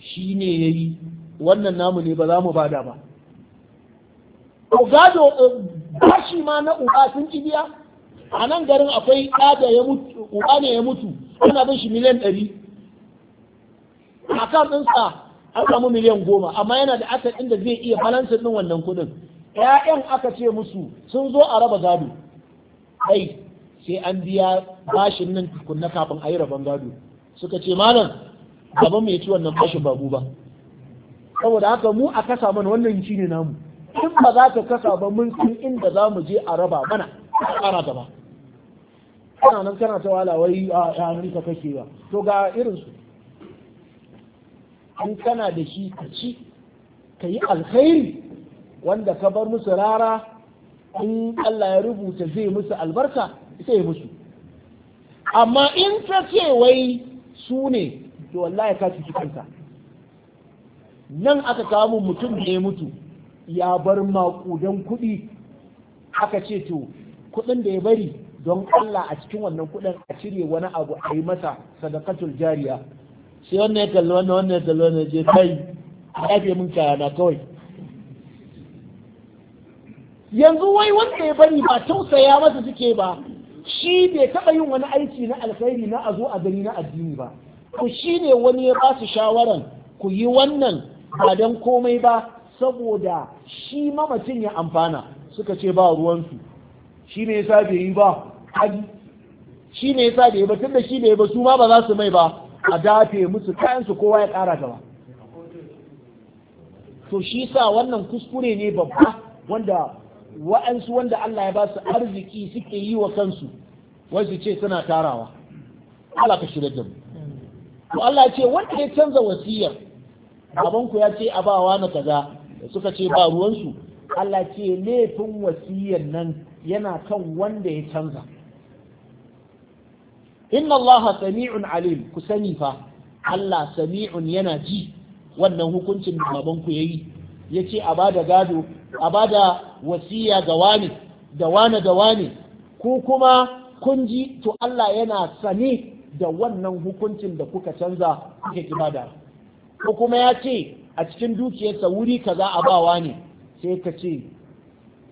shi ne ya yi wannan namu ne ba za mu bada ba ko gado eh, bashi ma na uba sun ci biya a nan garin akwai ɗada ya mutu uba ne ya mutu ana bin shi miliyan ɗari a kan ɗinsa an samu miliyan goma amma yana da asalin inda zai iya balansa ɗin wannan kuɗin 'ya'yan aka ce musu sun zo a raba gado ai sai an biya bashin nan tukunna kafin a yi rabon gado suka ce malam gaban mai ci wannan bashin babu ba saboda haka mu a kasa mana wannan shi ne namu in ba za ka kasa ba mun san inda za mu je a raba mana a da gaba kana nan kana ta wala wai a yanar ka kake ba to ga irin su in kana da shi ka ci ka yi alkhairi wanda ka bar musu rara in Allah ya rubuta zai musu albarka sai musu amma in ta ce wai su ne to wallahi ka ci kanka nan aka kawo mutum da ya mutu ya bar maƙudan kuɗi aka ce to kuɗin da ya bari don Allah a cikin wannan kuɗin a cire wani abu a yi masa sadakatul jariya sai wannan ya kalli wannan wannan ya kalli wannan ya je kai a yafe min kayana kawai yanzu wai wanda ya bari ba tausaya masa suke ba shi bai taɓa yin wani aiki na alkhairi na a zo a gani na addini ba ku shi ne wani ya ba su shawaran ku yi wannan ba don komai ba saboda shi mamacin ya amfana suka ce ba ruwansu shi ne yasa bai yi ba haji shi ne yasa bai ba tun da shi bai ba su ma ba za su mai ba a dafe musu kayan su kowa ya kara gaba to shi sa wannan kuskure ne babba wanda wa'ansu wanda Allah ya ba su arziki suke yi wa kansu wasu ce suna tarawa Allah ka shirar da mu to Allah ya ce wanda ya canza wasiyar Babanku ku ya ce a ba wa na kaza suka ce ba ruwansu Allah ce laifin wasiyar nan yana kan wanda ya canza inna Allah sami'un alim ku sani fa Allah sami'un yana ji wannan hukuncin da babanku ku yayi ya ce a bada gado a bada wasiya ga wani da wani da wani ko kuma kun ji to Allah yana sane da wannan hukuncin da kuka canza kuka ibada ko kuma ya ce a cikin dukiyarsa wuri kaza a ba ne sai ka ce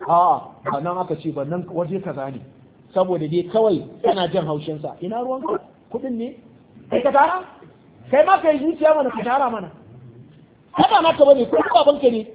a ba nan aka ce ba nan waje kaza ne saboda dai kawai yana jan haushinsa ina ruwanka kudin ne kai ka tara kai ma kai zuciya mana ka tara mana haka naka bane ko ka ne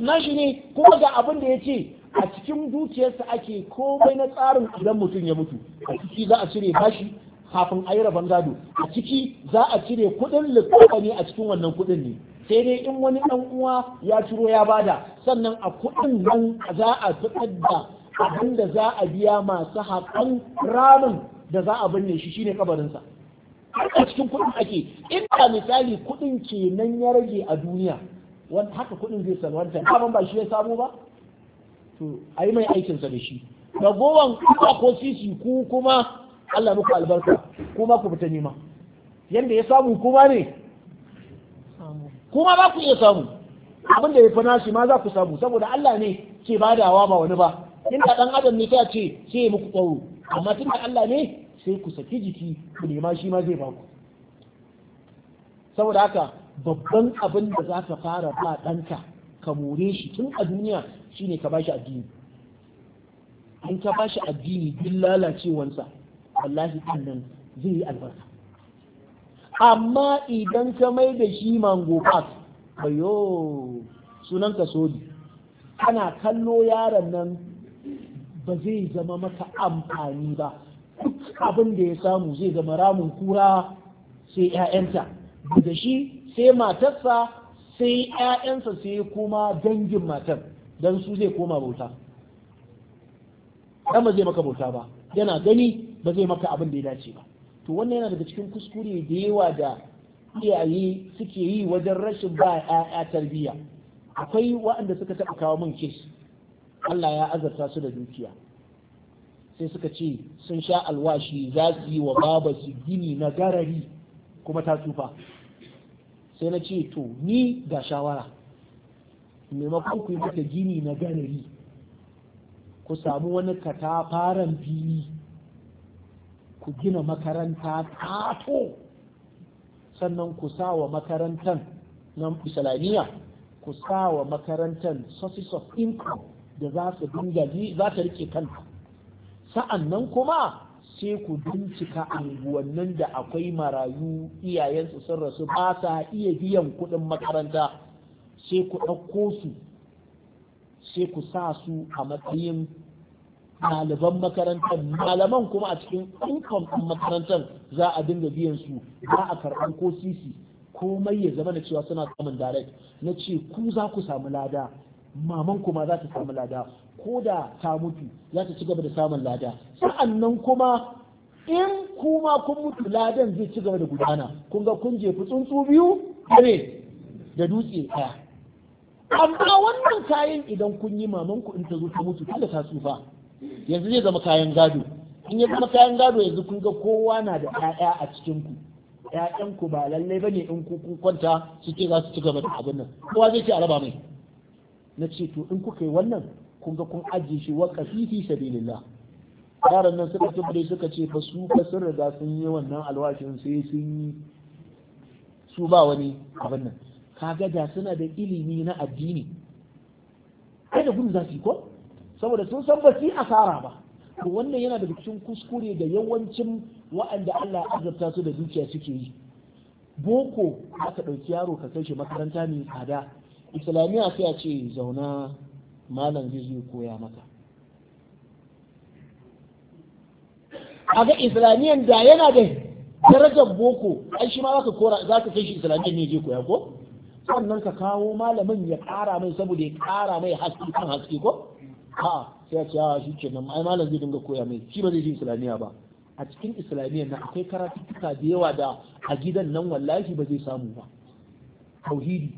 Na shi ne kuma ga abin da ya ce a cikin dukiyarsa ake komai na tsarin idan mutum ya mutu a ciki za a cire bashi kafin a yi rabon gado a ciki za a cire kuɗin littafa a cikin wannan kuɗin ne sai dai in wani ɗan uwa ya ciro ya bada sannan a kuɗin nan za a fitar da abin da za a biya masu haƙan ramin da za a binne shi shine kabarinsa ka cikin kuɗin ake inda misali kuɗin nan ya rage a duniya wanda haka kuɗin zai salwanta daman ba shi ya samu ba to a yi mai aikinsa da shi ragowan kuka ko sisi ku kuma Allah muku albarka kuma ku fita nema yadda ya samu kuma ne kuma ba ku iya samu abin da ya fi nashi ma za ku samu saboda Allah ne ke badawa ba wani ba inda dan adam ne ta ce sai muku tsoro amma tunda Allah ne sai ku saki jiki ku nema shi ma zai ba ku saboda haka babban abin da za ka fara ba ɗanka ka more shi tun a duniya shine ka bashi addini in ka bashi addini duk lalacewansa wallahi nan zai yi albarka amma idan ka mai da shi mango park bayo sunan ka sodi kana kallo yaron nan ba zai zama maka amfani ba duk abin da ya samu zai zama ramin kura sai 'ya'yanta daga shi sai matarsa sai 'ya'yansa sai kuma dangin matar don su zai koma bauta dan ba zai maka bauta ba yana gani ba zai maka abin da ya dace ba to wannan yana daga cikin kuskure da yawa da iyaye suke yi wajen rashin ba 'ya'ya tarbiyya akwai waɗanda suka taɓa kawo min kes Allah ya azarta su da dukiya sai suka ce sun sha alwashi za su yi wa baba su gini na garari kuma ta tsufa sai na ce to ni ga shawara maimakon ku yi kuka gini na garari ku samu wani katafaren fili ku gina makaranta tato sannan ku sa wa makarantar nan islamiyya ku sa wa makarantar sources of income da za su dinga za ta rike kanta sa'annan kuma sai ku bincika anguwannin da akwai marayu iyayensu sun rasu ba sa iya biyan kuɗin makaranta sai ku ɗauko su sai ku sa su a matsayin ɗaliban makarantar malaman kuma a cikin ɗinkan ɗin makarantar za a dinga biyan su za a karɓar ko sisi komai ya zama na cewa suna samun direct na ce ku za ku samu lada maman kuma za ta samu lada ko da ta mutu za ta ci gaba da samun lada sa'annan kuma in kuma kun mutu ladan zai ci gaba da gudana kun ga kun jefi tsuntsu biyu dare da dutse ɗaya amma wannan kayan idan kun yi maman ku in ta zo ta mutu kada ta tsufa yanzu zai zama kayan gado in ya zama kayan gado yanzu kun ga kowa na da 'ya'ya a cikin ku ku ba lallai bane in ku kun kwanta suke za su ci gaba da abin nan kowa zai ci a raba mai na ce to in kuka yi wannan kun ga kun ajiye shi wa kafifi sabilillah yaran nan suka tabbare suka ce ba su ba sun riga sun yi wannan alwashin sai sun yi su ba wani abin nan kaga da suna da ilimi na addini kai da gudu za su yi ko saboda sun san ba su asara ba to wannan yana da cikin kuskure da yawancin wa'anda Allah azabta su da dukiya suke yi boko aka ɗauki yaro ka kai shi makaranta ne a da. islamiyya sai a ce zauna malam zai zo koya maka a ga islamiyyan da yana da darajar boko an shi ma zaka kora zaka kai shi islamiyyan ne je koya ko sannan ka kawo malamin ya kara mai saboda ya kara mai haske kan haske ko ha sai ya ce a ah, shi nan ai malam zai dinga koya mai shi ba zai je islamiyya ba a cikin islamiyya na akwai karatuka da yawa da a gidan nan wallahi ba zai samu ba tauhidi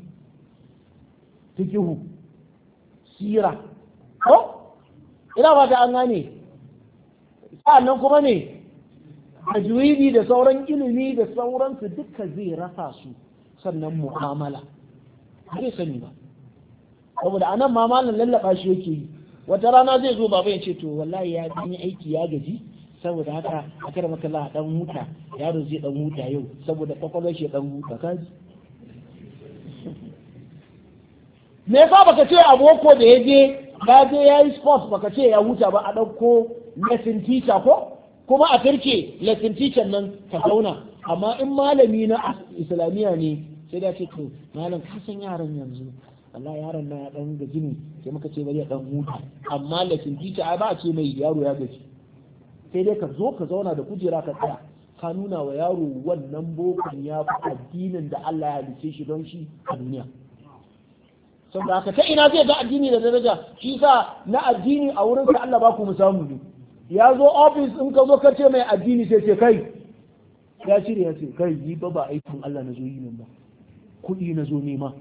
fikihu sira ko ina ba ta an gane sa'annan kuma ne tajwidi da sauran ilimi da sauransu duka zai rasa su sannan mu'amala zai sani ba saboda anan ma malam lallaba shi yake yi wata rana zai zo baba ya ce to wallahi ya yi aiki ya gaji saboda haka a kira maka la dan huta yaro zai dan huta yau saboda kwakwalwar shi dan huta kaji me yasa baka ce a boko da ya je ya je ya yi sports baka ce ya huta ba a ɗauko lesson teacher ko kuma a turke lesson teacher nan ka zauna amma in malami na islamiyya ne sai da ce to malam ka san yaran yanzu Allah yaron na ya dan gaji ne sai muka ce bari ya dan huta amma lesson teacher ai ba a ce mai yaro ya gaji sai dai ka zo ka zauna da kujera ka tsaya ka nuna wa yaro wannan bokon ya fi addinin da Allah ya halice shi don shi a duniya da aka ta ina zai ga addini da daraja shi sa na addini a wurin sa Allah ba ku mu samu ne ya zo office in ka zo ka ce mai addini sai ce kai ya shirya ya ce kai yi ba ba aikin Allah na zo yi nan ba kuɗi na zo nema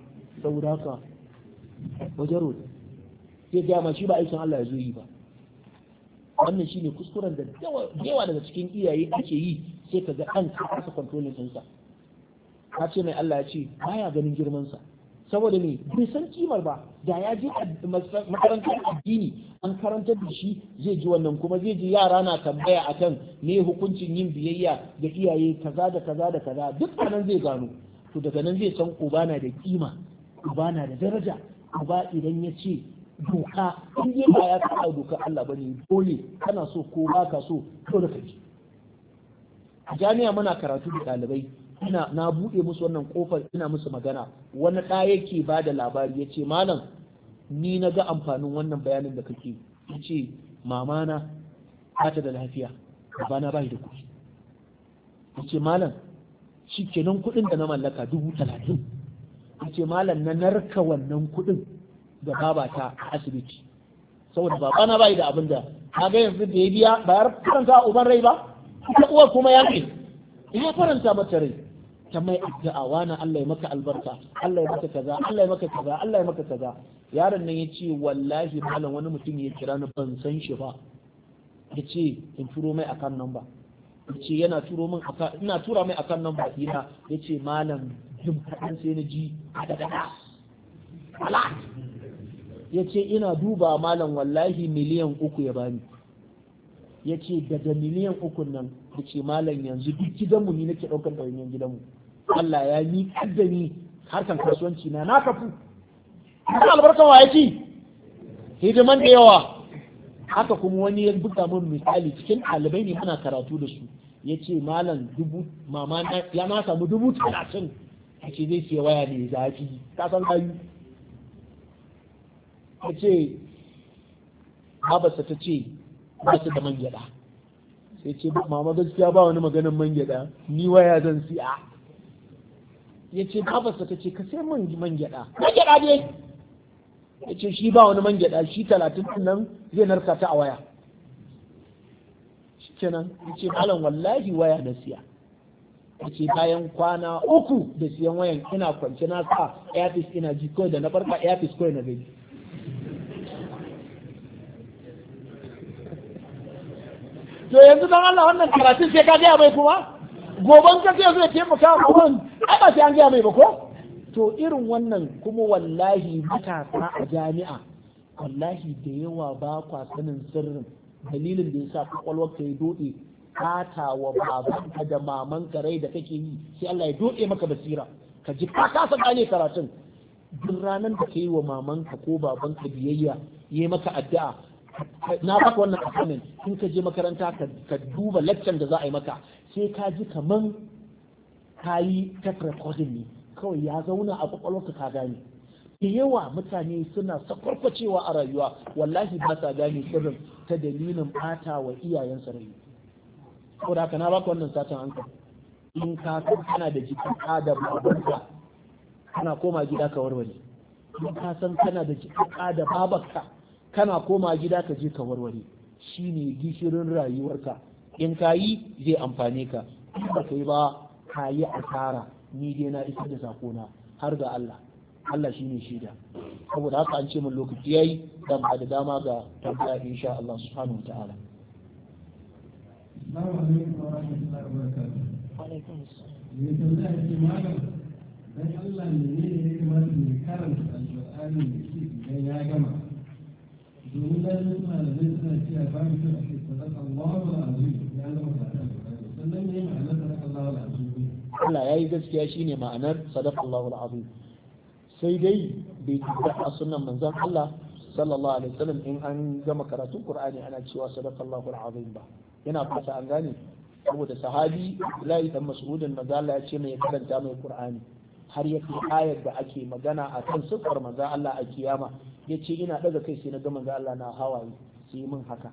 saboda haka wajaro sai ga ma shi ba aikin Allah ya zo yi ba wannan shine kuskuren da yawa daga cikin iyaye ake yi sai ka ga an kasa controlling ɗinsa ka ce mai Allah ya ce baya ganin girman sa saboda me bai san kimar ba da ya je makarantar addini an karanta da shi zai ji wannan kuma zai ji yara na tambaya akan ne hukuncin yin biyayya da iyaye kaza da kaza da kaza duk nan zai gano to daga nan zai san uba na da kima uba na da daraja uba idan ya ce doka in yi ba ya kawo doka Allah ba ne dole kana so ko ba ka so dole ka ji a jami'a muna karatu da ɗalibai ina na buɗe musu wannan kofar ina musu magana wani ɗa yake ba da labari ya ce malam ni na ga amfanin wannan bayanin da kake ya ce mamana ba ta da lafiya babana ba da kuɗi ya ce malam shi kenan kuɗin da na mallaka dubu talatin ya ce malam na narka wannan kuɗin da babata a asibiti saboda babana ba da abin da ga yanzu da ya biya ya karanta uban rai ba ita uwar kuma ya ce ya faranta mata rai ta mai addu'a wani Allah ya maka albarka Allah ya maka kaza Allah ya maka kaza Allah ya maka kaza yaron nan ya ce wallahi malam wani mutum ya kira ni ban san shi ba ya ce in turo mai akan nan ba ya ce yana turo min ina tura mai akan nan ba ina ya ce malam jin kaɗan sai na ji a da ya ce ina duba malam wallahi miliyan uku ya bani ya ce daga miliyan uku nan ya ce malam yanzu duk gidanmu ne nake ɗaukar ɗauyin gidanmu Allah ya yi kaddani harkan kasuwanci na na kafu ina albarkan wa yake hidiman da yawa haka kuma wani ya buga min misali cikin ɗalibai ne ana karatu da su ya ce malam dubu mama ya na samu dubu talatin a ce zai ce waya ne zafi ka san kayu ya ce babarsa ta ce ba su da man gyaɗa sai ce mama gaskiya ba wani maganin man gyaɗa ni waya zan siya ya ce babarsa ta ce ka sai man man gyaɗa man gyaɗa ne ya ce shi ba wani man gyaɗa shi talatin nan zai narka ta a waya shi kenan ya ce malam wallahi waya na siya ya ce bayan kwana uku da siyan wayan ina kwance na sa airfish ina ji kawai da na farka airfish kawai na gani to yanzu don Allah wannan karatun sai ka gaya mai kuma goban ka zai taimaka a wurin ai ba sai an gaya mai ba ko to irin wannan kuma wallahi matasa a jami'a wallahi da yawa ba kwa sanin sirrin dalilin da yasa kwakwalwar ka yi dode kata wa babanka da maman rai da kake yi sai Allah ya dode maka basira ka ji ka kasa gane karatun duk ranar da ka yi wa mamanka ko babanka biyayya ya yi maka addu'a na ka wannan assignment in ka je makaranta ka duba lecture da za a yi maka sai ka ji kaman ka yi ne kawai ya zauna a kwakwalwarka ka gane da yawa mutane suna sakwarkwacewa a rayuwa wallahi ba sa gane sirrin ta dalilin bata wa iyayen rai ko da na baka wannan satin hankali in ka san kana da jiki adam babanka kana koma gida ka warware in ka san kana da jiki adam babanka kana koma gida ka je ka warware shi ne gishirin rayuwarka in ka yi zai amfane ka in ba ka yi ba ka yi asara ni dai na isar da sakona har ga Allah Allah shi ne shaida saboda haka an ce min lokaci yayi da ba da dama ga tabbata insha Allah subhanahu Allah ne ne Allah ya yi gaskiya shine ma'anar sadaka Allah sai dai bai tabbata a sunan manzon Allah sallallahu alaihi wasallam in an gama karatun Qur'ani ana cewa sadaka Allah ba yana fata an gane saboda sahabi layi dan Mas'udin manzo Allah ya ce mai karanta mai Qur'ani har ya fi ayar da ake magana a kan siffar manzo Allah a kiyama ya ce ina daga kai sai na ga manzo Allah na hawaye yi min haka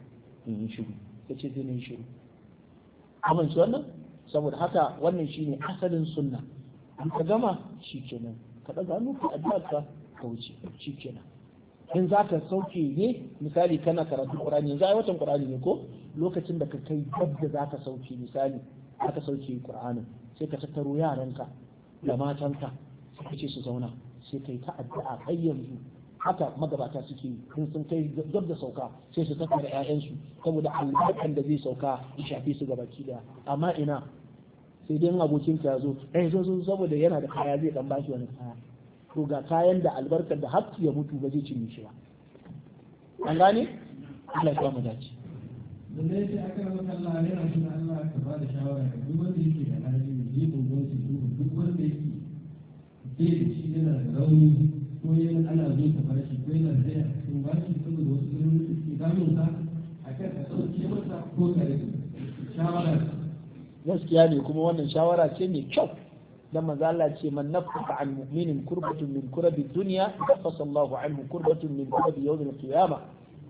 in yi shiru ya ce zai yi shiru su wannan saboda haka wannan shi ne asalin sunna an ka gama shi kenan ka ɗaga hannu ka addu'a ka ka wuce shi kenan in za ka sauke ne misali kana karatu ƙur'ani za a yi watan ƙur'ani ne ko lokacin da ka kai yadda za ka sauke misali za ka sauke ƙur'ani, sai ka tattaro yaranka da matanka sai ka ce su zauna sai ka yi ta addu'a ƙayyanzu yanzu haka magabata suke in sun kai gab da sauka sai su tafi da ƴaƴansu saboda albarkan da zai sauka ya shafi su gabaki daya amma ina sai dai abokin ka zo eh zo zo saboda yana da kaya zai dan bashi wani kaya to ga kayan da albarkar da har ya mutu ba zai cinye shi ba an gane Allah ya mu dace da zai ce aka rabu Allah yana cikin Allah ka ba da shawara ga duk wanda yake da hali ne ko gwamnati duk wanda yake da shi yana da rauni ko yana ana bin ka bashi ko yana sun ba shi saboda wasu ganin da suke damun sa a kan ka sauke masa ko ka rage shawara gaskiya ne kuma wannan shawara ce mai kyau dan manzo Allah ce man nafaqa an mu'minin kurbatun min kurabi dunya nafasa Allahu anhu kurbatun min kurabi yawm al-qiyamah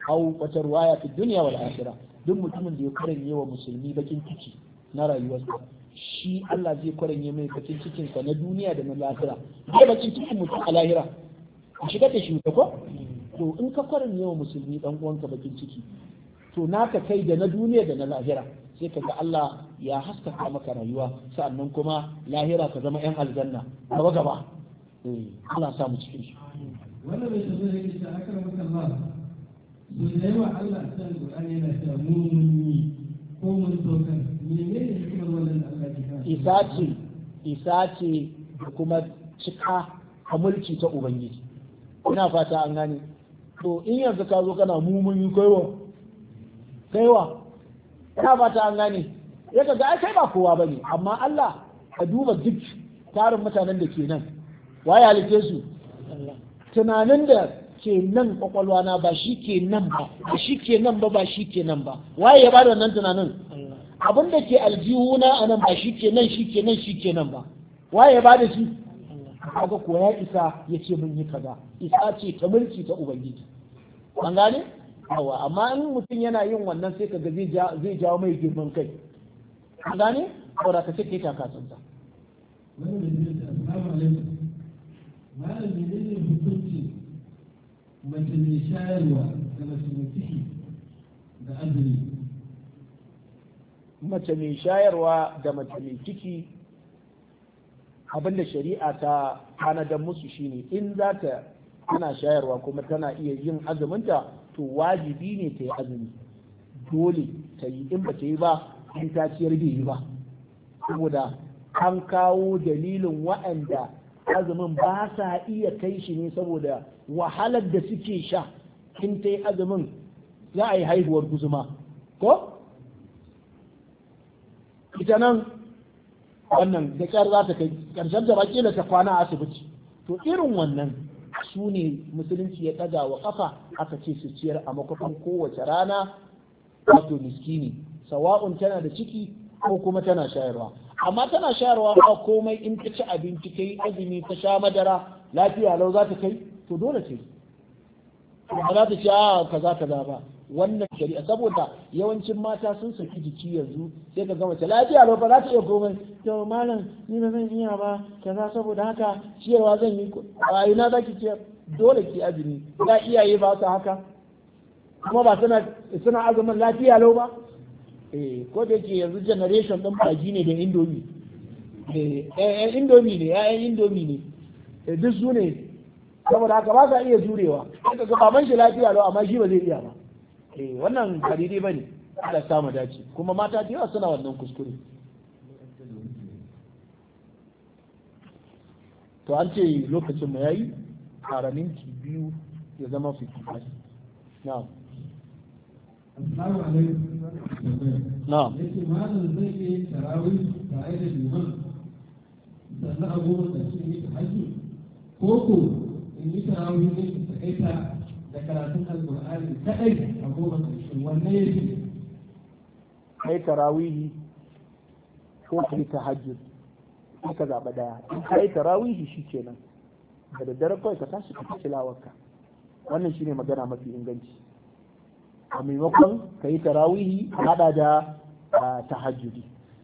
aw wata ruwaya fi dunya wal akhirah duk mutumin da ya karanye wa musulmi bakin ciki na rayuwarsa shi Allah zai kwaranye mai bakin cikinsa na duniya da na lahira zai bakin cikin mutum a lahira shiga da shi ko to in ka kwarin yawa musulmi dan uwanka bakin ciki to naka kai da na duniya da na lahira sai ka ga Allah ya haskaka maka rayuwa sa'annan kuma lahira ka zama yan aljanna gaba gaba eh Allah sa mu cikin shi wannan bai tabbata yake ta akara maka ba to da Allah san Qur'an yana cewa mu'mini ko mun tokar menene hikimar wannan Allah ya isa ce isa ce kuma cika a mulki ta Ubangiji ina fata an gane to in yanzu ka zo kana mumun kaiwa kaiwa ina fata an gane ya ga ai kai ba kowa bane amma Allah ka duba duk tarin mutanen da ke nan waye halitte su tunanin da ke nan kwakwalwa na ba shi ke nan ba ba shi ke nan ba ba shi ke nan ba waye ya bada wannan tunanin abin da ke aljihuna a nan ba shi ke nan shi ke nan shi ke nan ba waye ya bada shi kaga ko ya isa ya ce mun yi kaza isa ce ta mulki ta ubangiji an gane yawa amma in mutum yana yin wannan sai kaga zai jawo mai girman kai an gane ko da ka ce kai taka tsantsa malam ne hukunci mace mai shayarwa da mace mai ciki da azumi mace mai shayarwa da mace mai ciki abin da shari'a ta tanadar musu shine in za ta tana shayarwa kuma tana iya yin azuminta to wajibi ne ta yi azumi dole ta yi in ba ta yi ba in ta ciyar bai yi ba saboda an kawo dalilin waɗanda azumin ba sa iya kai shi ne saboda wahalar da suke sha in ta yi azumin za a yi haihuwar guzuma ko ita nan wannan da kyar za ta kai karshen da baki ta kwana a asibiti to irin wannan su ne musulunci ya ɗaga wa kafa aka ce su ciyar a makwafin kowace rana wato miskini sawa'un tana da ciki ko kuma tana shayarwa amma tana shayarwa ba komai in ta ci abinci kai azumi ta sha madara lafiya lau za ta kai to dole ce ba za ta ce a ah, kaza kaza ba wannan shari'a saboda yawancin mata sun saki jiki yanzu sai ka gama lafiya ba za ta iya komai to malam ni ba zan iya ba kaza saboda haka ciyarwa zan yi a ina za ki ciyar dole ki azumi za iyaye ba su haka kuma ba suna suna azumin lafiya lau ba eh ko da yake yanzu generation din baji ne da indomi eh eh indomi ne eh indomi ne duk su ne saboda haka ba sa iya jurewa kaga baban shi lafiya lau amma shi ba zai iya ba eh wannan ba ne bane samu dace kuma mata da yawa suna wannan kuskure to an ce lokacin mu yayi haramin ki biyu ya zama fiki na'am na'am yake da karatun alkur'ani kaɗai a goma ƙarshe wanne ya fi kai tarawihi ko kai tahajjud sai ka zaɓa ɗaya in kai tarawihi shi kenan da daddare kawai ka tashi ka tashi lawarka wannan shine magana mafi inganci a maimakon ka yi tarawihi hada da tahajjudi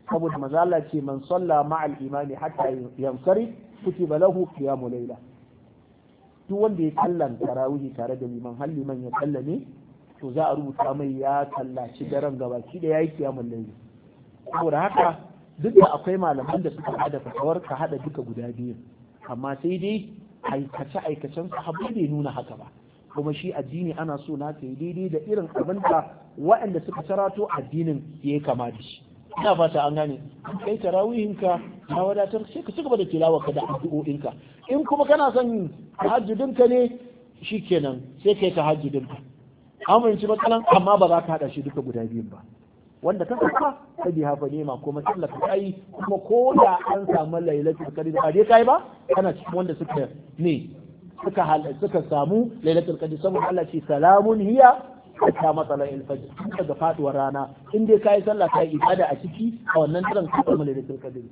saboda maza ce man salla ma'al imani hatta yansari kutiba lahu qiyamul layla duk wanda ya kalla tarawihi tare da liman har liman ya kalla ne, to za a rubuta mai ya tallaci daren gabaki da yayi kiyamul layli saboda haka duk da akwai malaman da suka hada fatawar ka hada duka guda biyu amma sai dai aikace aikacen sahabbai bai nuna haka ba kuma shi addini ana so na sai daidai da irin abin da waɗanda suka tarato addinin ya kama da shi ina fata an gane kai tarawihinka na wadatar sai ka cigaba da tilawarka da addu'o'inka in kuma kana son ka ne Shi kenan, sai kai ka amince matsalan amma ba za ka hada shi duka guda biyun ba wanda ka saka ta biya fa nema ko sallah ka kai kuma ko da an samu lailatul qadr ba dai kai ba kana cikin wanda suka ne suka suka samu lailatul qadr saboda Allah ce salamun hiya hatta matsalar ilfajir daga faduwar rana in dai kayi sallah kai ibada a ciki a wannan daren ka samu lailatul qadr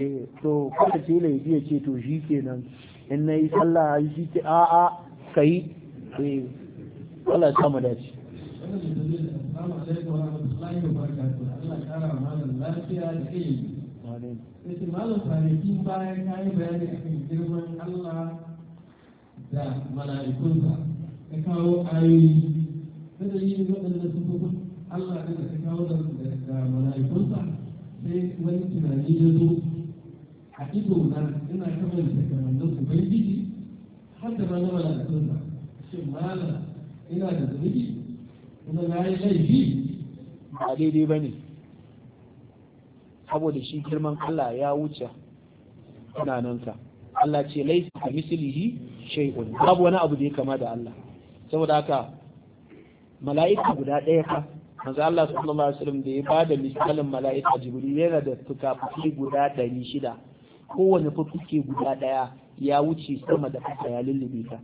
eh to kada ce laifi ya ce to shi kenan in nayi sallah shi ke a a kai eh Allah ya samu dace Assalamu ya malam kwanaki bayan kayi bayani girman Allah da mala'ikunsa. kawo ayoyi dalilin Allah ne da kawo da mala'ikunsa sai wani tunani ya zo a ido na ina da har da shin malam ina da kuma na yi laifi ba daidai ba ne saboda shi girman Allah ya wuce tunanansa Allah ce laifi a misilihi shay'un babu wani abu da ya kama da Allah saboda haka mala'ika guda ɗaya fa manzo Allah sallallahu alaihi wasallam da ya bada misalin mala'ika jibril yana da fukafuki guda ɗari shida kowane fukuke guda ɗaya ya wuce sama da kasa ya lullube ka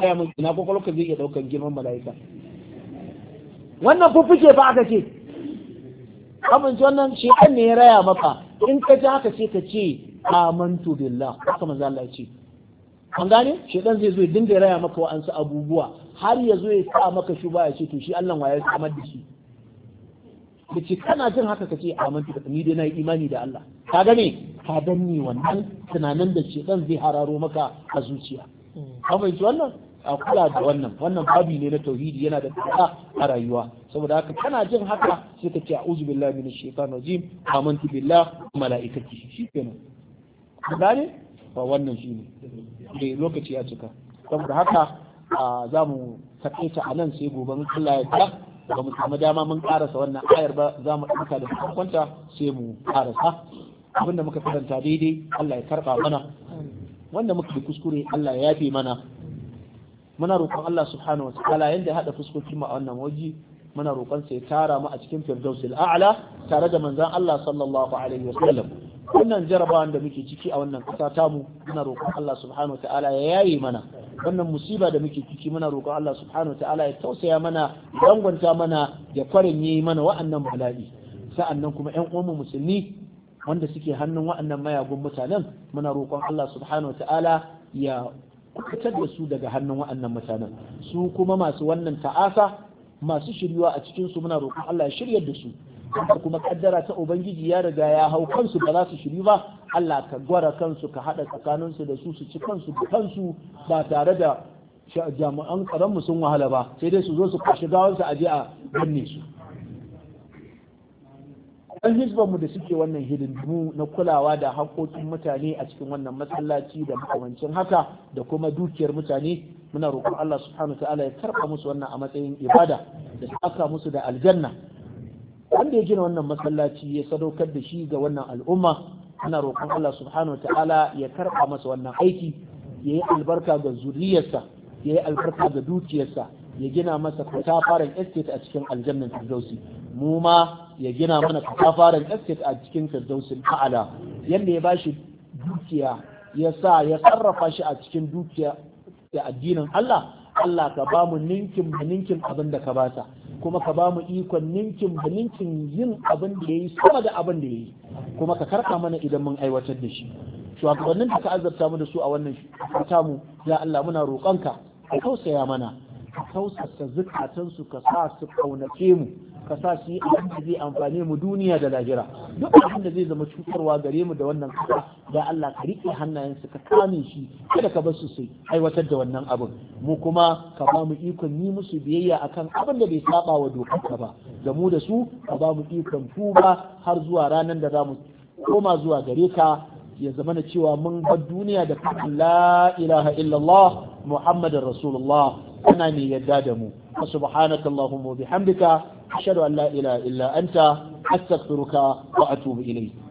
gaya mun ina kwakwalwa ka zai iya ɗaukar girman mala'ika wannan fukuke fa aka ce abinci wannan shi an ne ya raya maka in ka ji haka ce ka ce amantu billah haka manzo Allah ya ce an gane shedan zai zo dinga raya maka wa'ansu abubuwa har ya zo ya sa maka shi ba ya ce to shi Allah waye samar da shi da ce kana jin haka ka ce amantu da ni dai na imani da Allah ka gane ka danne wannan tunanin da shedan zai hararo maka a zuciya ka fahimci wannan a kula da wannan wannan babi ne na tauhidi yana da tsada a rayuwa saboda haka kana jin haka sai ka ce a'udhu billahi minash shaitani rajim amantu billahi malaikati kenan ka gane ba wannan shine eh lokaci ya cika saboda haka za mu ta a nan sai gobe mun Allah ya ta ba mu samu dama mun karasa wannan ayar ba za mu ɗauka da kwanta sai mu karasa abinda muka karanta daidai Allah ya karɓa mana wanda muka yi kuskure Allah ya yafe mana muna roƙon Allah subhanahu wa ta'ala yanda haɗa fuskokin mu a wannan waje muna roƙon sa ya tara mu a cikin firdausil a'la tare da manzon Allah sallallahu alaihi wasallam wannan jarabawan da muke ciki a wannan ƙasa tamu muna roƙon Allah subhanahu ta'ala ya yaye mana wannan musiba da muke ciki muna roƙon Allah subhanahu ta'ala ya tausaya mana dangwanta mana ya kwarenye mana wa'annan bala'i sa'annan kuma ƴan uwan musulmi wanda suke hannun wa'annan mayagun mutanen muna roƙon Allah subhanahu ta'ala ya kubutar da su daga hannun wa'annan mutanen su kuma masu wannan ta'asa masu shiryuwa a cikin su muna roƙon Allah ya shirya da su kuma kaddara ta ubangiji ya riga ya hau kansu ba za su shiryu ba Allah ka gwara kansu ka haɗa tsakanin su da su su ci kansu da kansu ba tare da jami'an karan mu sun wahala ba sai dai su zo su kashi gawar a aje a binne su ɗan mu da suke wannan hidindimu na kulawa da haƙoƙin mutane a cikin wannan masallaci da makamancin haka da kuma dukiyar mutane muna roƙon Allah subhanahu ta'ala ya karɓa musu wannan a matsayin ibada da aka musu da aljanna wanda ya gina wannan masallaci ya sadaukar da shi ga wannan al'umma muna roƙon Allah subhanahu ta'ala ya karɓa masa wannan aiki ya yi albarka ga zuriyarsa ya yi albarka ga dukiyarsa ya gina masa katafaren estate a cikin aljannan firdausi mu ma ya gina mana katafaren estate a cikin firdausin a'ala yanda ya bashi dukiya ya sa ya sarrafa shi a cikin dukiya da addinin Allah Allah ka ba mu ninkin da ninkin abin da ka bata kuma ka ba mu ikon ninkin da ninkin yin abin da yayi sama da abin da yayi kuma ka karka mana idan mun aiwatar da shi shugabannin da ka azabta mu da su a wannan mu, ya Allah muna roƙonka ka tausaya mana ka tausasa zukatansu ka sa su kaunace mu ka sa su yi abin da zai amfane mu duniya da lahira duk abin da zai zama cutarwa gare mu da wannan kasa da Allah ka rike hannayen su ka kame shi kada ka bar su su aiwatar da wannan abin mu kuma ka ba mu ikon yi musu biyayya akan abin da bai saba wa dokarka ba da mu da su ka ba mu ikon tuba har zuwa ranar da za mu koma zuwa gare ka ya zama na cewa mun bar duniya da kan la ilaha illallah muhammadar rasulullah ana ni yadda da mu wa subhanaka allahumma hamdika ashhadu an la ilaha illa anta astaghfiruka wa atubu ilai.